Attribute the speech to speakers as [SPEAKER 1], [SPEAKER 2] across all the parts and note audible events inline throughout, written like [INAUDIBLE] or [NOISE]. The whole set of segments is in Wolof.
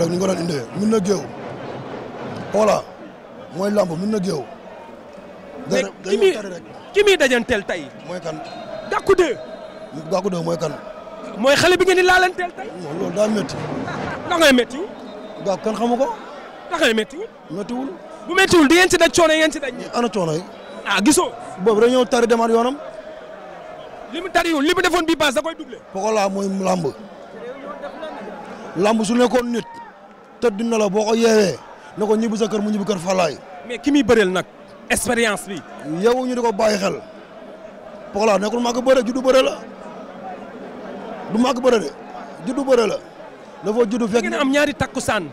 [SPEAKER 1] lamb ko doon indee mën na géew voilà mooy lamb mun na géew. mais ki muy ki muy dajanteel tey. mooy kan. Gackou 2. Gackou 2 mooy kan. mooy xale bi ngeen di laalanteel tey. non loolu daal métti. ndax ngay métti. Gackou kan xamu ko. ndax ngay métti. méttiwul. bu méttiwul di ngeen ci daj coono ngeen ci daj. ana coono yi. ah gisoo. boobu dañoo ñëw tari demaat yoonam. li mu tariwul li defoon bii paas da koy doublé. Pokola mooy lamb. lamb su nit. tëdd na la boo ko yeewee na ko ñibbi sa kër mu ñibbi kër Falaay. ki muy bëreel nag expérience bi. yow ñu di ko bàyyi xel Pokola nekkul màgg bëre juddu bëre la du màgg bëre de juddu bëre la dafa juddu fekk. ngeen ñaari takkusaan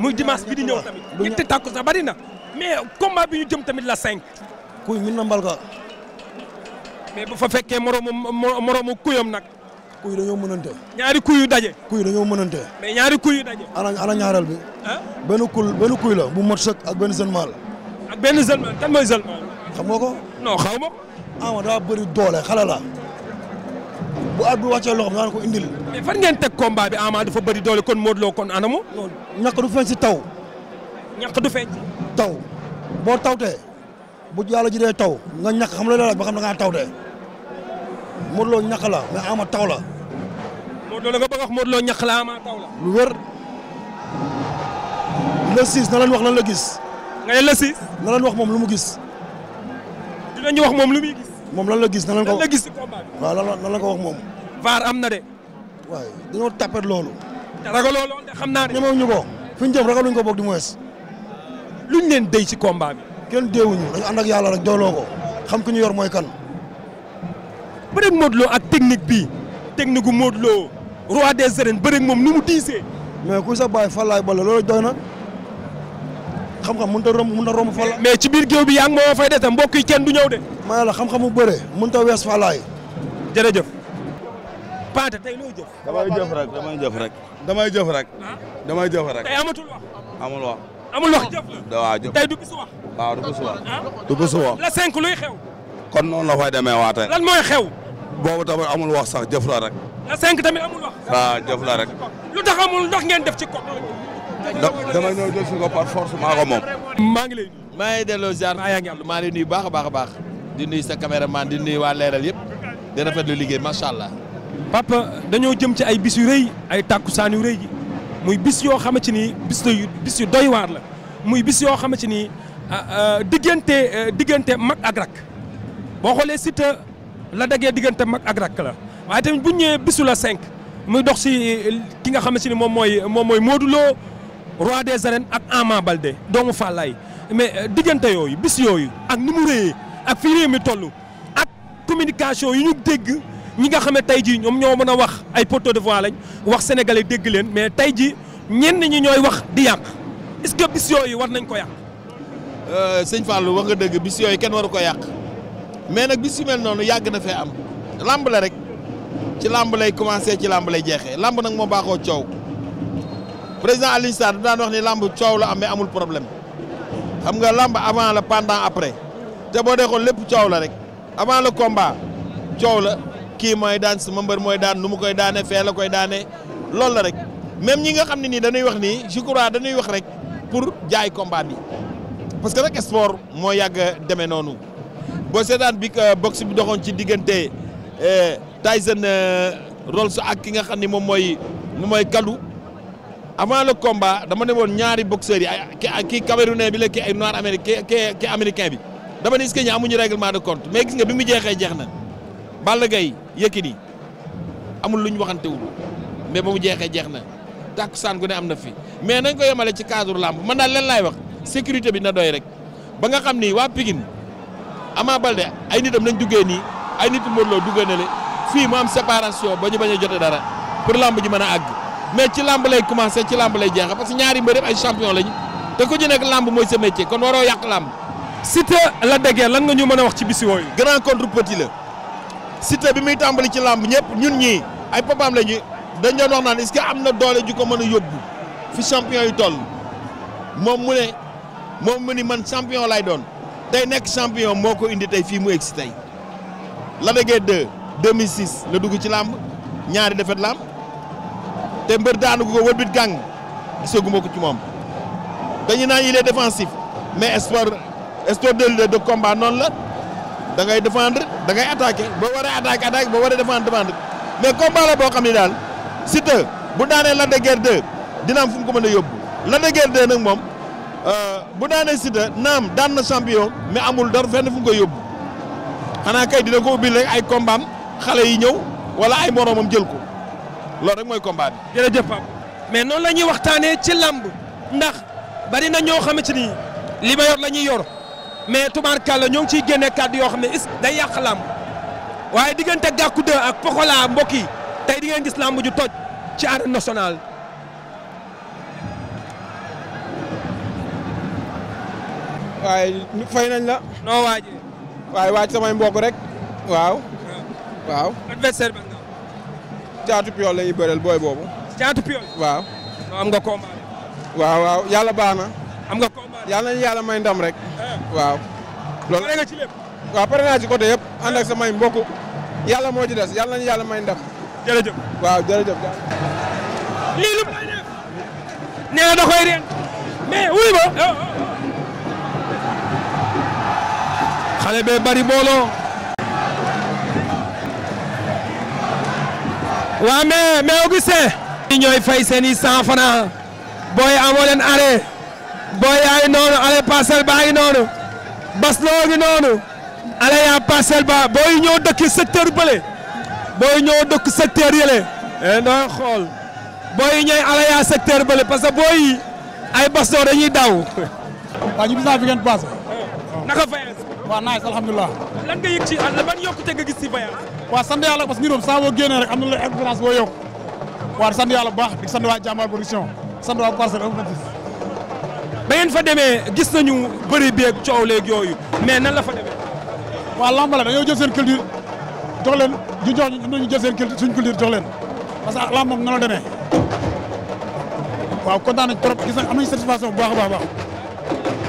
[SPEAKER 1] muy dimanche bi di ñëw tamit. ñetti takkusaan bari na mais combat bi ñu jëm tamit la cinq. kuy min na ka mais bu fa fekkee moromu moromu kuyam nag. kuy dañoo mënante. ñaari kuy yu daje. kuy dañoo mënante. mais ñaari kuy yu daje. ana ana bi. benn kuy benn kuy la bu mot sëkk ak benn jeune mâle. ak benn jeune mâle kan mooy jeune mâle. ko. non xaw ma ko. ah ma daa bëri doole xale bu at bi wàccee loxo naan ko indil. mais fan ngeen teg combat bi Ama dafa bëri doole kon Modou Lo kon anamu. moo du feeñ si taw. ñàkk du feeñ. taw boo tawtee bu yàlla ji dee taw nga ñàkk xam la la ba xam da ngaa tawtee. Modou Lo ñax la mais Ama taw la. Modou la nga bëgg wax Modou Lo ñax la Ama taw la. na lan la gis. nga ne le 6. wax moom lu mu gis. dinañu wax moom lu muy moom lan la gis na leen ko gis si combat bi. waaw lan la wax moom. VAR am na de. waaye dañoo tapet loolu. te xam naa ne. ñemewuñu ko fi ñu jëm ragaluñu ko boog di mu wees. luñ leen dey ci combat bi. kenn deewuñu dañu ànd yàlla rek doyloo ko xam ki ñu yor mooy kan. bëreeg Modou Lo ak technique bii technique gu Modou Lo roi des arènes bëreeg moom nu mu diisee. mais ku sa bàyyi Falaye Balla loolu doy na xam romb mënut a romb Falaye. mais ci biir géew bi yaa ngi moo fay des mbokk yi kenn du ñëw de. ma ne la xam-xamu bëre mënut a wees Falaye. jërëjëf. Pathé tey looy jëf. damay jëf rek damay jëf rek. damay jëf rek. Ah? damay rek. tey amatul wax. amul wax. amul wax jëf la. waaw jëf tey du bisu wax. waaw ah? xew. kon noonu la demee waatee. lan xew. boobu tamit amul wax sax jëf la rek. la cinq tamit amul ah, lu tax amul ndox ngeen def ci ko.
[SPEAKER 2] dama ñëw jël si ko par maa ko moom.
[SPEAKER 1] maa ngi lay maa ngi delloo ziar maa yaa ngi am maa ngi lay baax a baax a baax di nuyu sa caméraman di nuyu waa leeral yëpp di rafetlu liggéey macha allah. papa dañoo jëm ci ay bis yu rëy ay saan yu rëy muy bis yoo xamante ni bis bis yu doy la muy bis yoo xamante ni ah, ah, diggante eh, diggante mag ak rak boo xoolee Siteu la dagee diggante mag ak rakk la waaye tamit bu ñëwee bisu la cinq muy dox si euh, ki nga xam si ni moom mooy moom mooy Modou Lo roi des arènes ak Ama balde doomu Fallaye mais euh, diggante yooyu bis yooyu ak ni mu réyee ak fi réew mi toll ak communication yu ñu dégg ñi nga xam ne tey jii ñoom ñoo mën a wax ay de voix lañ wax sénégalais dégg leen mais tey jii ñenn ñi ñooy wax di yàq est-ce que bis yooyu war nañ ko yàq. Euh, sëñ Fallou wax nga dégg bis yooyu kenn waru ko yàq. mais nag bis yu noonu yàgg na fee am làmb la rek ci làmb lay commencé ci làmb lay jeexee làmb nag moo baaxoo coow président Alioune daan wax ni làmb coow la am mais amul problème xam nga làmb avant la pendant après te boo dee xool lépp coow la rek avant la combat coow la kii mooy daan sama mbër mooy daan nu mu koy daane fee la koy daane loolu la rek même ñi nga xam ne nii dañuy wax nii je crois dañuy wax rek pour jaay combat bi parce que rek sport moo yàgg demee noonu. boo seetaan bi euh, box bi doxoon ci diggante euh, Tyson euh, Rolls ak ki nga xam ne moom mooy moom mooy Kalou avant le combat dama ne woon ñaari boxeurs yi ay kii camerounais bi la kii ay noir américain kii américain bi dama ne est-ce que ñi amuñu règlement de compte gis nga bi mu jeexee jeex na Balla Gaye Yékini amul lu ñu waxantewul mais ba mu jeexee jeex na tàkkusaan gu ne am na fi mais nañ ko yemale ci cadre làmb man daal leen laay wax sécurité bi na doy rek ba nga xam ni waa Ama Baldé ay nitam nañ duggee nii ay nit Modou Lo duggee na le fii mu am séparation ba ñu bañ a jote dara pour lamb ji mën a àgg mais ci lamb lay commencé ci lamb lay jeex parce que ñaari mbër yëpp ay champion lañu te ku ci nekk lamb mooy sa métier kon waroo yàq lamb. Siteu Lac la Guiers lan nga ñu mën a wax ci bis yooyu. grand contre petit la Siteu bi muy tàmbali ci làmb ñëpp ñun ñii ay papaam lañu dañ doon wax naan est am na doole ju ko mën a yóbbu fi champion yi toll moom mu moom mu ni man champion lay doon. tey nekk champion moo ko indi tey fii mu egsi tey Lac de Guiers 2 2006 la dugg ci làmb ñaari defet làmb te mbër daanu ko wëlbit gàng gisaguma ko ci moom dañu naan il est défensif mais espoir espoir de leader de combat noon la da ngay défendre da ngay attaquer boo waree attaquer attaquer boo waree défendre défendre mais combat la boo xam ne daal Siteu bu daanee Lac de Guiers 2 fu mu ko mën a yóbbu Lac de Guiers 2 nag moom. Euh, bu naanee Siteu naam daan na champion mais amul dor fenn fu mu koy yóbbu xanaa kay dina ko ubbil rek ay combat xale yi ñëw wala ay moroomam jël ko lool rek mooy combat bi. jërëjëf Pape mais noonu la ñuy waxtaanee ci làmb ndax bari na ñoo xamante ni li ma yor la ñuy yor mais tubaarkàlla ñoo ngi ciy génne kàddu yoo xam ne day yàq làmb waaye diggante Gackou 2 ak Pokola mbokk yi tey di ngeen gis làmb ju toj ci arène national waaye fay nañ la. noo waajee. waaye waaj samay mbokk rek. waaw. waaw. adversaire bi. caatu piol la ñuy booy boobu. caatu piol. waaw. am nga combat. waaw waaw yàlla baax na. am nga combat yàlla nañu yàlla may ndam rek. Eh. waaw. loolu pare nga ci lépp. waaw pare naa ci côté yëpp ànd ak samay mbokk. yàlla moo ci des yàlla nañu yàlla may ndam. jërëjëf waaw jërëjëf. lii lu mu lay nee na da koy reen. mais xale bee bari mbooloo waa mais mais Augustin ñooy fay seeni cent francs booy amoo leen arrêt booy yaa noonu ale parcelle baa ngi noonu bas loo ngi noonu ale yaa parcelle ba booy ñoo dëkk secteur bële booy ñoo dëkk secteur yële eh, nooy xool booy ñooy ale yaa secteur bële parce que booy ay bas loo dañuy daw [LAUGHS] waa ñu gis naa waaw nice alhamdulilah lan nga yëg ci àll te yokkute nga gis ci voyage waaw sant yàlla parce que ñun moom saa boo génnee rek am na la expérience boo yokk waaw di sant yàlla bu baax di sant waa Jàmbaar production sant waa Parcelles Assainies ba ngeen fa demee gis nañu bëri beeg coow léeg yooyu mais nan la fa demee
[SPEAKER 3] waaw la dañoo jël seen culture jox leen ñu jox ñu ñu jël seen culture suñ culture jox leen parce moom na la demee kontaan nañ trop gis nañ am nañ satisfaction bu baax a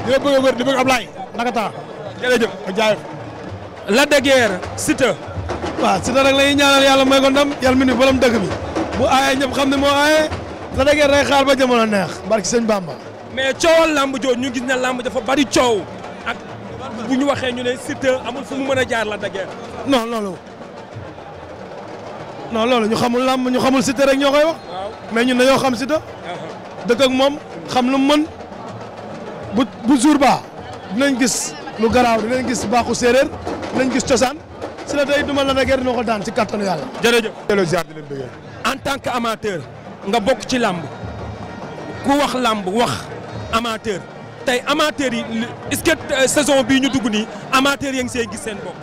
[SPEAKER 3] baax a baax a
[SPEAKER 1] la de guerre Siteu waaw Siteu rek la ñuy ñaanal yàlla may ko ndam yàlla mi ni borom dëkk bi bu aayee ñëpp xam ne moo aayee la de guerre xaar ba jamono neex barki sëñ Bamba mais coowal lamb joo ñu gis ne lamb dafa bari coow ak bu ñu waxee ñu ne Siteu amul fu mu mën a jaar la de guerre non loolu non loolu ñu xamul lamb ñu xamul Siteu rek ñoo koy wax mais ñun dañoo xam Siteu uh-huh. dëkk ak moom xam lu mu mën bu bu jour ba dinañ gis lu garaaw dinañ gis baaxu séeréer dinañ gis cosaan si la tey duma la nag dina ko daan si ci kattanu yàlla. jërëjëf. delloo ziar di leen bëggee. en tant que amateur nga bokk ci làmb ku wax làmb wax amateur tey amateur yi est-ce euh, bii ñu dugg nii amateur ya ngi see gis seen bopp.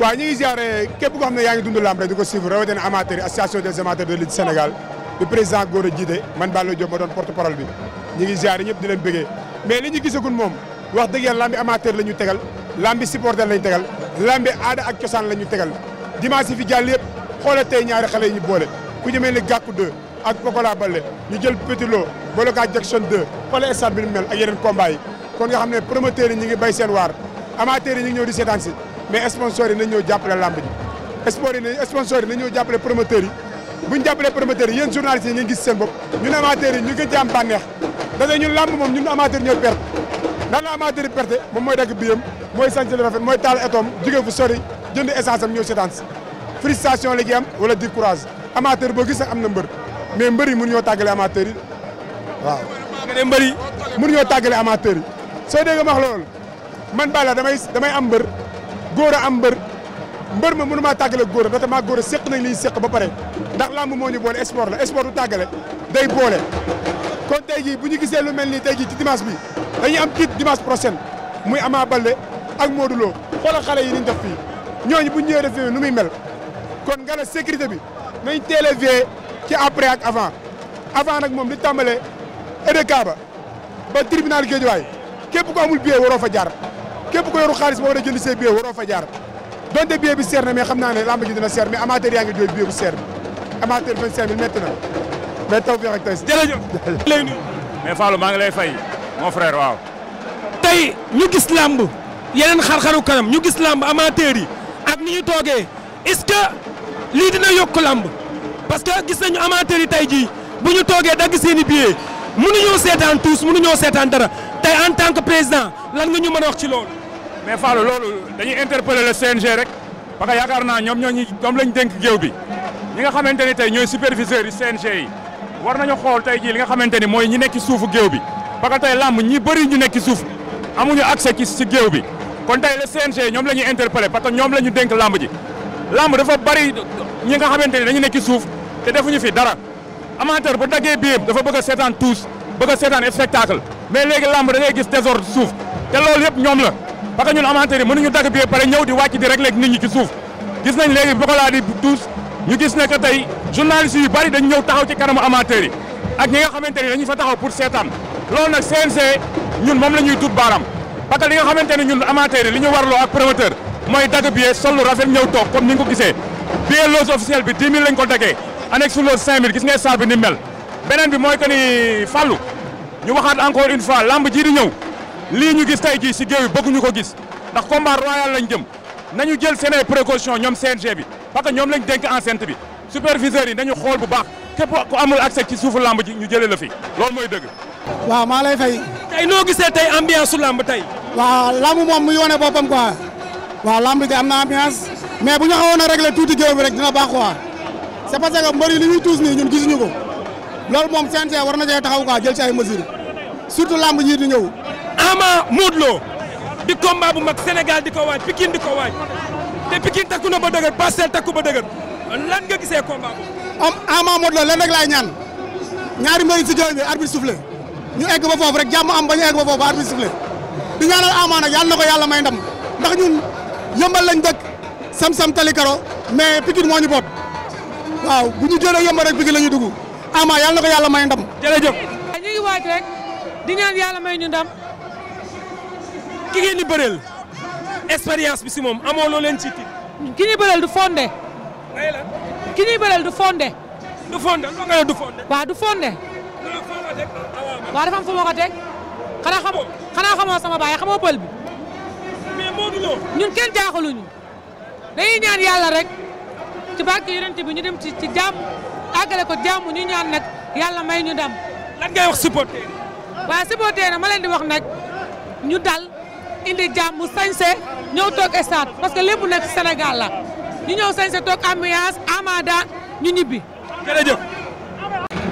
[SPEAKER 3] waaw ñu ngi ziare képp koo xam ne yaa ngi dund làmb rek di ko suivre rawatina amateur association des amateurs de lutte Sénégal bi président Gora jiite man Balla Diop ma doon porte parole bi ñu ngi ziare ñëpp di leen bëggee mais li ñu gisagul moom. wax dëgg yàlla lambi amateur la ñu tegal lambi supporter la ñu tegal lambi aada ak cosaan la ñu tegal dimanche yi fi jàll yëpp xoolal tey ñaari xale yi ñu boole ku ñu mel ni Gàkku 2 ak Pokola Baldé ñu jël Petit Lo boole ko ak Jackson 2 xoolal stade mel ak yeneen combat kon nga ne promoteurs yi ñu ngi béy seen waar amateurs yi ñu ngi ñëw di seetaan si mais sponsors yi nañu ñëw jàppale lamb ji sport yi nañ sponsors yi nañu ñëw jàppale promoteurs bu ñu jàppalee promoteurs yi yéen nan la amateur bi perte moom mooy dagg biyam mooy sant lu rafet mooy taal etoom jóge fu sori jënd essence am ñëw sétance frustration la ci am wala décourage amateur boo gis am na mbër mais mbër yi mun ñoo amateur yi waaw. nga mbër yi mënuñoo tàggale amateur yi soo dégg ma wax loolu man Balla damay damay am mbër góor am mbër mbër ma mënumaa tàggale góor a notamment góor a séq nañ li ñu séq ba pare ndax lamb moo ñu boole sport la sport du tàggale day boole. kon tey jii bu ñu gisee lu mel ni tey jii ci dimanche bi dañuy am tiit dimanche prochaine muy Ama Baldé ak Modou Lo xoolal xale yi ni ñu def fii bu ñu ñëwee def nu muy mel kon nga ne sécurité bi nañ teel a veillé ci après ak avant avant nag moom li tàmbalee EDK ba ba tribunal Guédiawaye képp ko amul billet waroo fa jaar képp ko yoru xaalis ba war a jënd see waroo fa jaar donte billet bi seer na mais xam naa ne làmb ji dina seer mais amateur yaa ngi jooy bi amateur na. mais tawfeex ak tey si. jërëjëf lay nuyu. mais Fallou
[SPEAKER 4] maa ngi lay fay mon frère waaw.
[SPEAKER 3] tey ñu gis làmb yeneen xar kanam
[SPEAKER 1] ñu gis làmb amateur yi ak ni ñu toogee est-ce que lii na yokk làmb parce que gis nañu amateur yi tey jii bu ñu toogee dagg seen i billets mënuñoo seetaan tous mënuñoo seetaan dara tey en tant que président lan nga ñu mën a wax ci loolu. mais Fallou loolu
[SPEAKER 4] dañuy interpeller la CNG rek parce que yaakaar naa ñoom ñoo ñi ñoom lañ dénk géew bi ñi nga xamante ni tey ñooy superviseurs yi CNG yi. war nañu xool tey jii li nga xamante ni mooy ñi nekk ci suufu géew bi parce que tey làmb ñi bëri ñu nekk ci suuf amuñu accès ci géew bi kon tey le CNG ñoom la ñuy interpellé parce que ñoom lañu denk dénk làmb ji làmb dafa bëri ñi nga xamante ni dañu nekk ci suuf te defuñu fi dara amateur bu daggee biir dafa bëgg a seetaan tous bëgg a seetaan spectacle mais léegi làmb da ngay gis désordre suuf te loolu yëpp ñoom la parce que ñun amateur yi mënuñu dagg biir pare ñëw di wàcc di suuf gis nañ léegi bokalaa tous ñu gis ne que tey journalistes yu bari dañu ñëw taxaw ci kanamu amateurs yi ak ñi nga xamante ni dañu fa taxaw pour seetaan loolu nag CNG ñun moom la ñuy dut baaram parce que li nga xamante ne ñun amateurs li ñu warloo ak promoteur mooy dagg billet sol lu rafet ñëw toog comme ni nga ko gisee billet loge officielle bi 10 000 lañ ko daggee annexe loge 5000 gis ngay salle bi ni mel beneen bi mooy que ni fàllu ñu waxaat encore une fois lamb ji di ñëw lii ñu gis tey jii si géew yi bëgguñu ko gis ndax combat royal lañ jëm nañu jël seen ay précaution ñoom bi parce que ñoom lañ dénk enceinte bi superviseurs yi nañu xool bu baax képp ku amul accès ci mooy dëgg. waaw
[SPEAKER 1] noo gisee tey ambiance su làmb tey. waaw làmb moom mu yónnee boppam quoi. waaw làmb am na ambiance. mais bu ñu xawoon a réglé tuuti géew bi rek dina baax quoi. c'est parce que mbër yi li ñuy moom CNG war na cee taxaw quoi jël ci ay mesures surtout làmb ji di ñëw. Ama Modou di combat bu mag Sénégal di ko waaj Pikine di ko waaj. te Pikine takku na ba dëgër Parcelles takku ba dëgër lan nga gisee combat boobu. am Ama Modou rek laay ñaan ñaari mbir si jooy bi arbitre soufflé ñu egg ba rek jàmm am ba ñu egg ba foofu ba di ñaanal Ama nag yàlla na ko yàlla may ndam ndax ñun yëmbal lañ dëkk sam-sam tali karo mais Pikine moo ñu bopp waaw bu ñu jëlee yëmbal rek Pikine la ñu dugg Ama yàlla na ko yàlla may ndam jërëjëf. ñu ngi waaj rek di ñaan yàlla may ñu ndam ki ngeen di expérience bi si moom amoo loo leen ci tiit. ki ñuy bëreel du fondé. ki ñuy bëreel du fondé. du fondé loo du fondé. waaw du fondé. Ah, ah, waaw dafa teg. xanaa xam xanaa xamoo sama baay xamoo pël bi. ñun kenn jaaxaluñu. dañuy ñaan yàlla rek ci barke yonent bi ñu dem ci ci jàmm àggale ko jàmm ñu ñaan nag yàlla may ñu dam lan ngay wax supporter. waaw supporter na di wax nag ñu dal. indi jàmm sañse ñëw toog stade parce que lépp nag Sénégal la ñu ñëw sañse toog ambiance amada ñu ñibbi.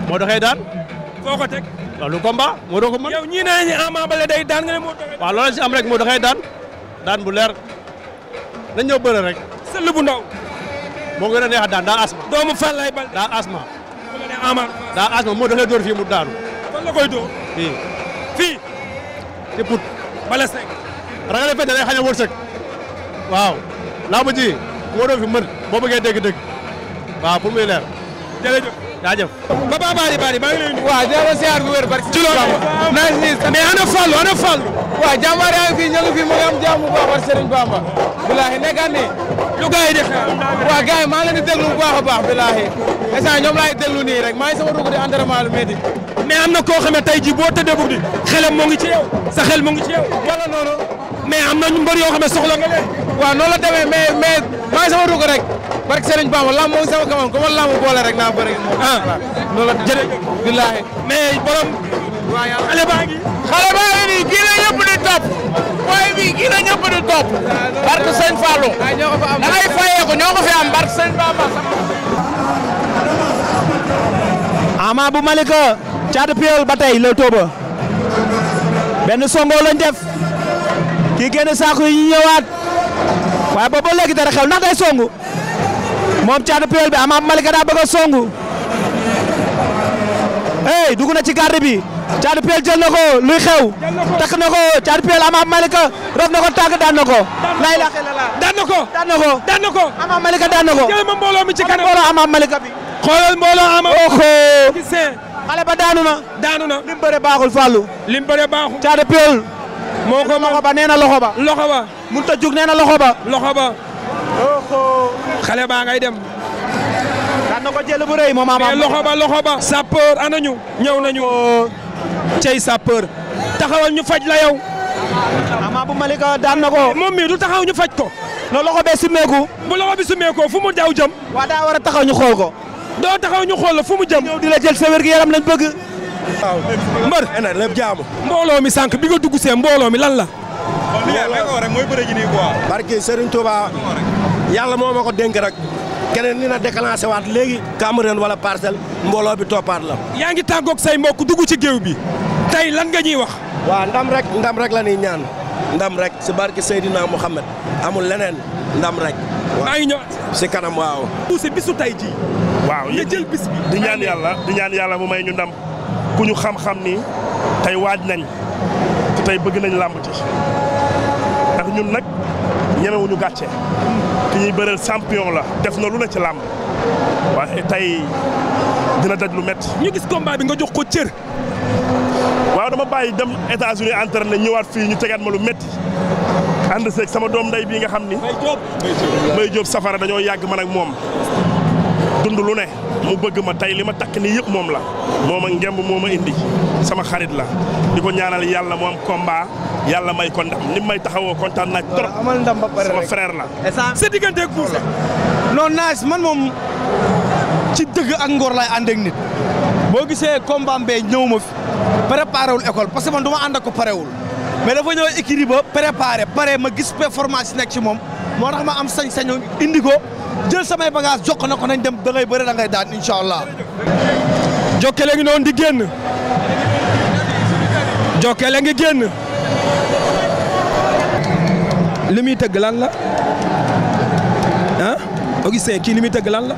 [SPEAKER 1] moo doxee daan. foo ko teg.
[SPEAKER 5] waaw lu combat moo
[SPEAKER 1] ko mën. yow day daan nga ne moo doxee. daan daan bu leer ñëw bëre rek. sëll bu ndaw. moo gën a neex a daan daa asma. doomu fan bal. daa asma. ama asma moo doxee dóor fii mu daanu. fii. fii. ci put. bala sek. ragale fete day xañ a wërsëg waaw laa ma ji waroo fi mën boo bëggee dégg-dégg waaw pour muy leer jërëjëf jaajëf Papa Bari Bari maa ngi lay nuyu waaw dama siyaar bu wér barki ci loolu naaj ni mais ana Fallou ana Fallou waaw jàmbaar yaa ngi fii ngi fii mu ngi baax war Serigne Bamba bilaahi nekkaat ni lu gars di xaar waaw gars maa leen di déglu bu baax a baax bilaahi instant ñoom laay déglu nii rek maa ngi sama dugg di entraînement lu métti am na koo xam ne tey jii boo di xelam moo ngi sa xel moo ngi ci yow mais am na ñu mbër yoo xam ne soxla nga la demee mais mais maa ngi rek barke Serigne Bamba lamb moom sama kamam ku ma lamb boole rek naa bëri moom. ah noonu la jërëjëf. billaahi mais borom. waaw baa ngi. xale baa di topp. waaye bii kii la ñëpp
[SPEAKER 6] ko fa fi am barke Serigne Bamba.
[SPEAKER 1] Ama bu Malika. Caatu Piyol ba tey Tooba. benn songo lañ def. kii génn saako yi ñu ñëwaat waaye boobu ba léegi xew ndax day songu moom caatu Puyol bi Ama Malika daa bëgg songu hey dugg na ci garde bi caatu Puyol jël na ko luy xew takk na ko caatu Puyol Malika rof na ko daan na lay la daan na daan na daan na daan na ko. jël xale ba daanu na. daanu na lim baaxul Fallou. lim baaxul caatu Puyol. moo ko loxo ba nee na loxo ba. loxo ba. mënut a jug nee na loxo ba. loxo ba. xale baa ngay dem. daan na ko jël bu rëy moom amaam. loxo ba loxo ba. sapeur na ñëw nañu. cey sapeur. taxawal ñu faj la yow. Ama bu Malika daan na ko. Eh, moom mii du taxaw ñu faj ko. no loxo bee sumeeku. bu loxo bi sumeekoo fu mu jaaw jëm. waa daa war taxaw ñu xool ko. doo taxaw ñu xool la fu mu jëm. ñëw di la jël sa wér gi yaram lañ bëgg. waaw mbër lépp jaamu. mbooloo mi sànq bi nga dugg see mbooloo mi lan la. rek mooy bëre ji nii quoi. barke Serigne Touba yàlla moo ma ko dénk rek. keneen ni na déclenché waat léegi. Cameroun wala parcelle mbooloo bi toppaat la. yaa ngi tàggoog say mbokk dugg ci géew bi. tey lan nga ñuy wax. waaw ndam rek ndam rek la ñaan. ndam rek si barke Seydina Mohamed amul leneen ndam rek. maa ngi ñëw si kanam waaw. bisu tey ji waaw nga jël bis bi. di ñaan yàlla di ñaan yàlla mu may ñu ndam. ku ñu xam-xam ni tey waaj nañ te tey bëgg nañ làmb ci ndax ñun nag ñemewuñu gàcce ki ñuy bëreel champion la def na lu ne ci làmb waaye tey dina daj lu metti ñu gis combat bi nga jox ko cër. waaw dama bàyyi dem États-Unis entraîné ñëwaat fii ñu tegaat ma lu metti ànd seeg sama doom nday bii nga xam ni. Mbaye Diop safara dañoo yàgg man ak moom. dund lu ne mu bëgg ma tey li ma takk nii yëpp moom la moo ma ngemb moo ma indi sama xarit la di ko ñaanal yàlla moom am combat yàlla may ko ndam ni may taxawoo kontaan naa trop amal ndam ba pare sama frère la. sa diggante ak Boucher. non naaj man moom ci dëgg ak ngor laay ànd ak nit boo gisee combat bee ñëw ma fi préparé wul école parce que man du ma ànd ak ko parewul mais dafa ñëw écurie ba préparé pare ma gis performance yi nekk ci moom moo tax ma am sañ-sañu indi ko. jël samay bagage jox na nañ dem da ngay bëre da ngay daan incha allah. Jokale ngi noon di génn Jokale ngi génn li muy tëgg lan la ah Augustin kii li muy tëgg lan la.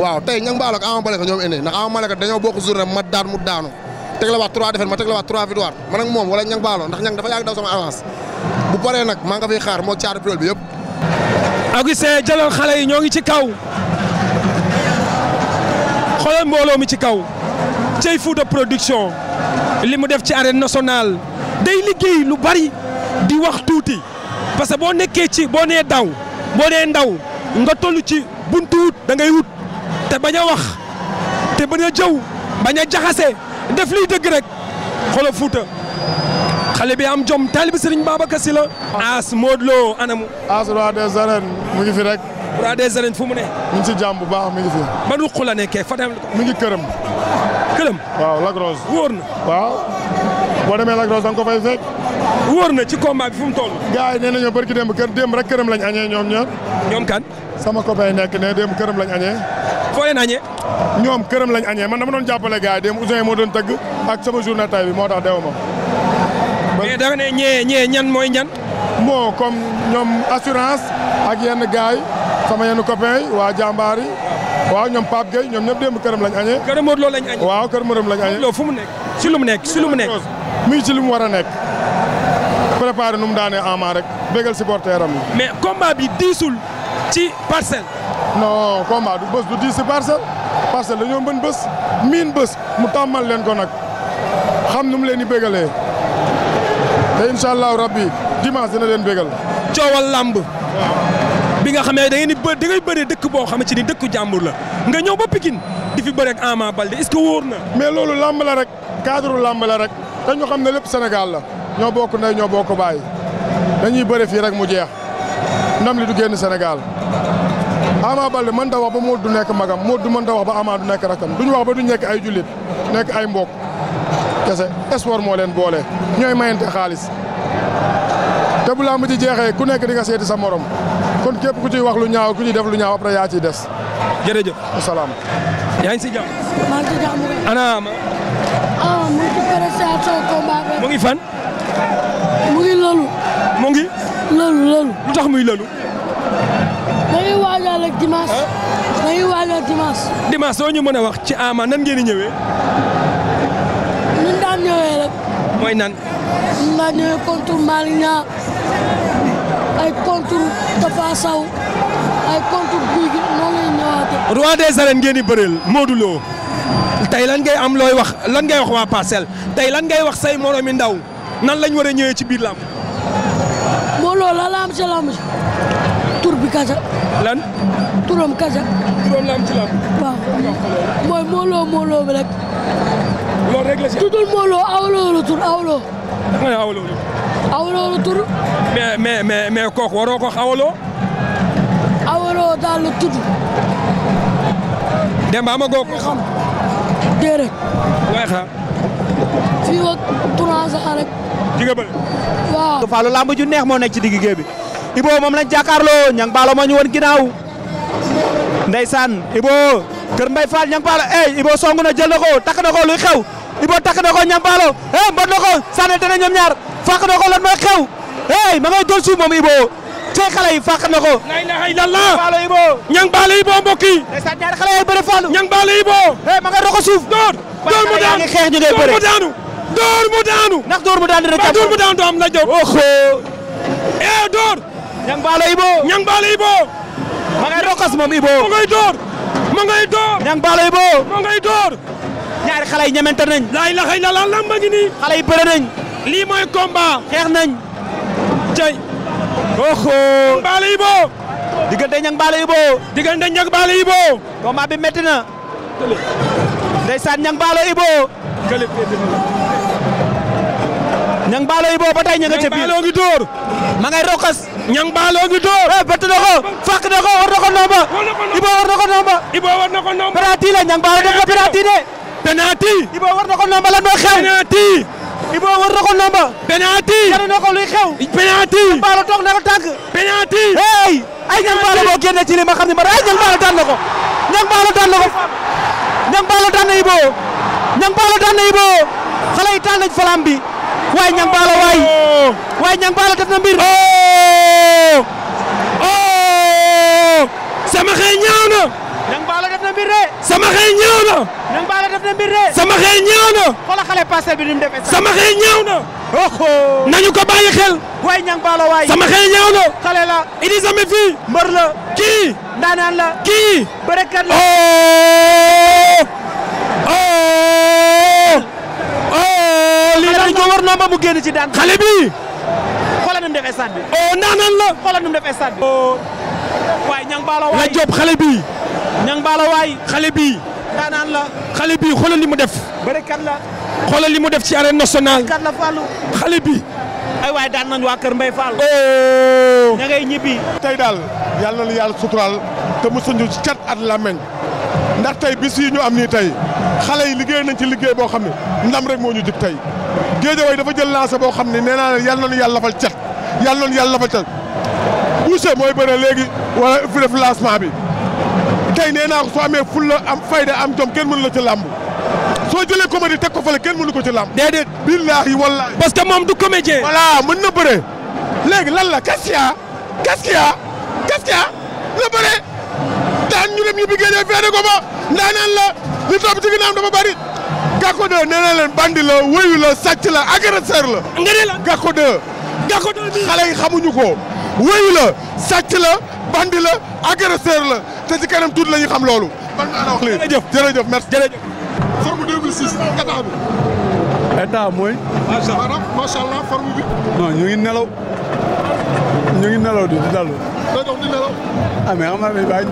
[SPEAKER 1] waaw tey ña nga baal ak Ama Baldé ñoom indi ndax Ama Baldé dañoo bokk journée ma daan mu daanu teg la waat 3 ma teg la waat 3 victoire man moom wala ña nga ndax ña dafa yàgg daw sama avance bu paree nag maa nga fiy xaar moo caar période bi yëpp. Augustin jëlal xale yi ñoo ngi ci kaw xoolal mbooloo mi ci kaw cëy Fouta Production li mu def ci arène national day liggéey lu bari di wax tuuti parce que boo nekkee ci boo nee daw boo nee ndaw nga toll ci buntu wut da wut te bañ a wax te bañ a jëw bañ a jaxase def liy dëgg rek xoolal Fouta. xale bi am jom taalibi Serigne Babacar Sy la. As Modou Lo anamu. As roi des arènes mu ngi fi rek. roi des fu mu ne. mu ngi si jàmm bu baax mu ngi man ban ruq la nekkee Fatick. mi ngi këram. këram. waaw Lac Rose. wóor na. waaw boo demee Lac Rose da nga ko fay na ci combat bi fu mu toll. gars yi nee nañoo barki kër démb rek këram lañ añee ñoom ñaar. ñoom kan.
[SPEAKER 3] sama copain nekk ne démb
[SPEAKER 1] këram lañ añee. foo leen añee. ñoom këram lañ añee man dama doon jàppale gars yi démb Ousseyn moo doon tëgg
[SPEAKER 3] ak sama bi moo tax
[SPEAKER 1] deewuma. mais da nga ne ñee ñee ñan mooy ñan.
[SPEAKER 3] moo comme ñoom assurance ak yenn gaay sama yenn copain yi waa jàmbaar yi waaw ñoom Pape Gueye ñoom ñëpp démb këram lañ añee. kër Modou Lo lañ añee. waaw kër Modou Lo lañ añee. loolu fu mu nekk
[SPEAKER 1] si lu mu nekk si lu mu nekk. ngi ci li mu war a nekk. préparé nu mu daanee ama rek bégal supporter am la. mais combat bi diisul ci parcelle.
[SPEAKER 3] non combat du bës du diis ci parcelle parcelle dañoo mën bës miin bës mu tàmmal leen ko nag xam nu leen di bégalee. te incha allahu rabbi dimanche na
[SPEAKER 1] leen bégal. coowal làmb. bi nga xamee da ngeen di bë da ngay bëree dëkk boo xamante ni dëkku jàmbur la nga ñëw ba Pikine di fi bëreeg Ama Baldé est-ce wóor na. mais loolu làmb la rek
[SPEAKER 3] cadre làmb la rek dañu xam na lépp senegal la ñoo bokk ndey ñoo bokk bàyyi dañuy bëre fii rek mu jeex ndam li du génn Sénégal Ama Baldé mën da wax ba Modou du nekk magam Modou du mën da wax ba Ama du nekk rakam duñu wax ba du nekk ay jullit nekk ay mbok kese espoir moo leen boole ñooy mayante xaalis te bu làmb ji ku nekk di nga seeti sa morom kon képp ku ciy wax lu ñaaw ku ciy def lu ñaaw après yaa ciy des.
[SPEAKER 4] jërëjëf salaam. yaa ngi si jàmm.
[SPEAKER 3] ana ma.
[SPEAKER 1] ah
[SPEAKER 2] mu ngi ci prestation combat
[SPEAKER 4] mu ngi
[SPEAKER 1] fan. mu ngi lolu. mu ngi. lolu lu tax muy lolu.
[SPEAKER 2] dañuy waajal ak dimanche.
[SPEAKER 1] dañuy waajal dimanche. dimanche soo ñu mën a wax ci ama nan ngeen di ñëwee. mooy nan. maa ngi leen contre ay contre Tafa ay contre Gouye Gui moo ngi ñëwaatee. roi des arènes ngeen di bëreel Modou Lo lan ngay am looy wax lan ngay wax waa parcelle tey lan ngay wax say moromi ndaw nan lañ war ñëwee ci biir làmb. Modou Lo lan la am ci tur bi kaja. lan. turam kaja. turam la am ci mooy Modou Lo Modou Lo rek. loolu rek tur awloo. tur. mais mais mais mais kooku waroo daal la tudd. Demba amagoo ko. xam déedéet. waaye xam.
[SPEAKER 3] fii ba trois ans rek.
[SPEAKER 1] di nga bëri. waaw. Fallou neex moo nekk ci digg géew bi. Ibo moom lañ jàkkaarloo ñang baalo moo ñu woon ginnaaw. ndeysaan Kër Mbaye Fall ñang baalo eh Ibo songu jël na ko takk na ko luy xew. Ibou takk na ko ñambaalo eh mbot na ko sànnante na ñaar fàq na lan mooy xew eh ma ngay suuf moom Ibou tey xale yi fàq na ko. la ilaha illallah ñambaalo Ibou. ñambaalo Ibou mbokk yi. Eh, daanu door mu daanu. door mu daanu. ndax door mu daanu dina jàpp door mu daanu doo am la jóg. oho. moom Ibou. ma ngay door. ñaari xale yi ñemente nañ. laay la xëy na lan lamba ngi nii. xale yi bëre nañ. lii mooy combat. xeex nañ. cey. oho. Mbaale Ibo. diggante ñag Mbaale Ibo. diggante ñag Mbaale Ibo. combat bi métti na. ndeysaan ñag Mbaale Ibo. ñang baalo yi boo ba tey ña nga ca biir ñang baalo ngi dóor ma ngay rokas ñang baalo ngi dóor eh bëtt na ko fàq na ko war na ko nomba Ibo war na ko nomba Ibo war na ko nomba pénalty la ñang baalo def na pénalty de penalty Ibo war na ko nomba lan moo xew penalty Ibo war na ko nomba penalty yàlla na ko luy xew penalty Mbaalo toog na ko tànk penalty hey ay ñang Mbaalo boo génne ci li ma xam ne man ay ñang Mbaalo daan na ko ñang Mbaalo daan na ko ñang Mbaalo daan na Ibo ñang Mbaalo daan na Ibo xale yi taal nañ flam bi waaye ñang Mbaalo waay waaye ñang Mbaalo def na mbir oh oh sama xel ñaaw na mbir de. sama xëy ñëw na. ñun Balla def na mbir de. sama xëy ñëw na. xoolal xale Parcelles bi ni mu def sama xëy ñëw na. nañu ko bàyyi xel. waay ñang Balla waay. sama xëy ñëw na. xale la. Idi Same fii. mbër la. kii. ndaanaan la. kii. bërekat la. oh. oh. oh. oh. lii dañ ko war na ba mu génn ci daan. xale bi. xoolal nu mu def stade bi. oh ndaanaan la. xoolal nu mu def stade bi. Oh. waay ñang Balla waay la Diop xale bi. ñang baala waay xale bii. daanaan la. xale bii xoolal li mu def. bërekat la. xoolal li mu def ci arène nationale. bërekat la xale bii. ay waay daan nañ waa Kër Mbaye Fall.
[SPEAKER 3] Oh. ña ngay ñibbi. tey daal yàlla na yàlla suturaal te mosuñu ci cat at la ndax tey bis yi ñu am nii tey xale yi liggéey nañ ci liggéey boo xam ne ndam rek moo ñu jig tey géejawaay dafa jël lancé boo xam ne nee naa yàlla yàll nu yàlla lafal cat yàlla na nu lafal cat buuse mooy bëre léegi wala fi def lancement bi. tey nee naa soo amee ful am fayda am jom kenn mënu la ci làmb soo jëlee comédie teg ko fële kenn mënu
[SPEAKER 1] ko ci làmb. déedéet billaahi wallaahi. parce que moom du comédien. voilà mën na bëre. léegi lan la qu'est-ce qu'il y a qu'est-ce qu'il a qu'est-ce a bëre daan ñu dem ñu bi feede ko ba ndaanaan la li topp ci ginnaaw dafa bari. Gacko 2 nee na bandi la wéyu la sàcc la agresseur la. nga ne la Gacko 2. yi xamuñu
[SPEAKER 3] ko. wéyu la sàcc la bandi la agresseur la. te ci kanam tuuti la ñu xam loolu. man maa la wax léegi jërëjëf jërëjëf merci bi.
[SPEAKER 2] état mooy. macha allah ñu ngi nelaw ñu ngi nelaw di dalu. day dox di nelaw. ah mais rek.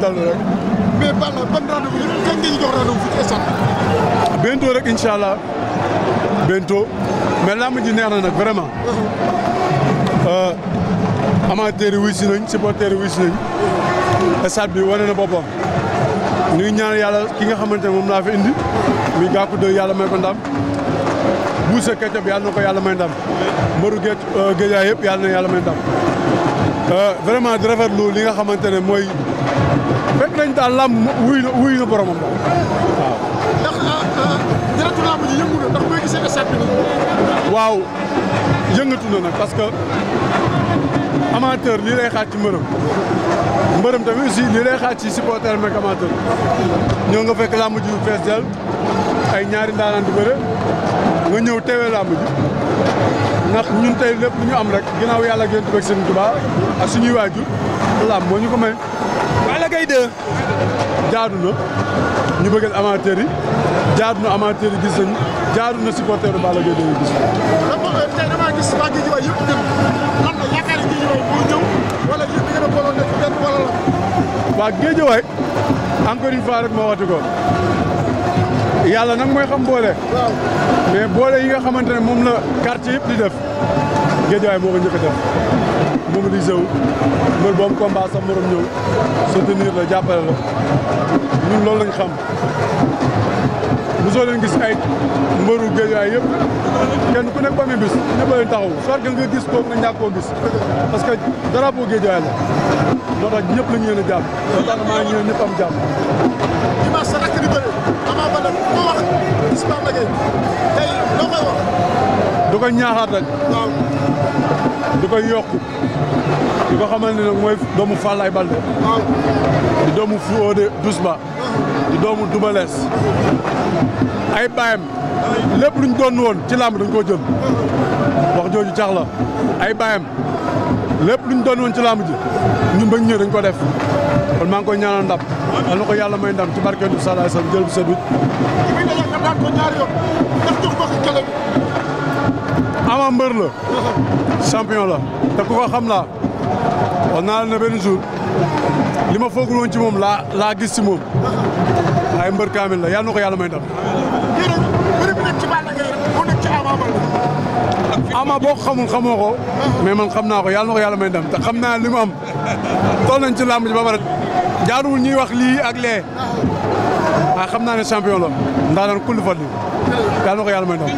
[SPEAKER 2] mais Balla ban rendez-vous yi kañ ngeen jox rendez-vous fii ci stade rek incha allah bientôt mais làmb ji neex na nag vraiment. Uh-huh. Euh, amateurs yi wuyu si nañ supporters yi wuyu si nañ. stade bi wane na boppam ñuy ñaan yàlla ki nga xamante ne moom laa fi indi muy Gackou 2 yàlla may ko ndam Boucher Ketchup yàlla na ko yàlla may ndam mbaru géej euh, géejaay yëpp yàlla na yàlla may ndam euh, vraiment di rafetlu li nga xamante ne mooy fekk nañ daal làmb wuy na wuy na waaw. ndax euh, jërëjëf làmb ji yëngu waaw yëngatu na nag parce que amateur lii lay xaaj ci mbërëm. mbërëm tamit aussi li lay xaar ci supporter meeg amateur ñoo nga fekk làmb fees dell ay ñaari ndaanaan di bëre nga ñëw teewee làmb ji ndax ñun tey lépp lu ñu am rek ginnaaw yàlla gën tubeg seen Tuubaa ak suñuy waajur làmb moo ñu ko may Balla Gaye 2 jaadu na ñu bëggal amateur yi jaadu na amateur yi gis nañu jaadu na supporter Balla Gaye 2 gis yaakaar ne Guédiawaye moo ñëw rek ma waxtu ko yàlla nag mooy xam boole. mais boole yi nga xamante ne moom la quartier yëpp di def Guédiawaye moo ko njëkk a def. mobiliser wu mbër boobu combat sa morom ñëw soutenir la jàppale la ñun loolu lañ xam. mosoo leen gis ay mbëru géej waay yëpp kenn ku nekk ba muy bis ñëpp leen taxaw soit que nga gis ko nga ñàkk koo gis parce que drapeau géej waay la moo tax ñëpp la ñu yéen a jàpp moo maa ngi ñëw ñëpp am koy wax du koy ñaaxaat rek du koy yokk di ko xamal ne nag mooy doomu Fallaye Baldé di doomu Fodé Douce Ba di doomu Double Less ay baayam lépp luñ doon woon ci làmb dañ koo jël wax jooju cax la ay baayam lépp luñ doon woon ci làmb ji ñun bañ dañ ko def kon maa ngi koy ñaanal ndam yal ko yàlla may ndam ci barke du salaay sal jël bu sa bit la champion ko xam laa wax naa benn jour lima ma foogul woon ci moom laa laa gis ci moom waaye mbër kaamil la yàlla na ko yàlla may ndam. ama boo ko xamul xamoo ko mais man xam naa ko yàlla na ko yàlla may ndam te xam naa li mu am toll nañ ci làmb ji ba ñuy wax lii ak lee waaye ah, naa ne champion la ndaa naan kulli fadli yàlla na ko yàlla may ndam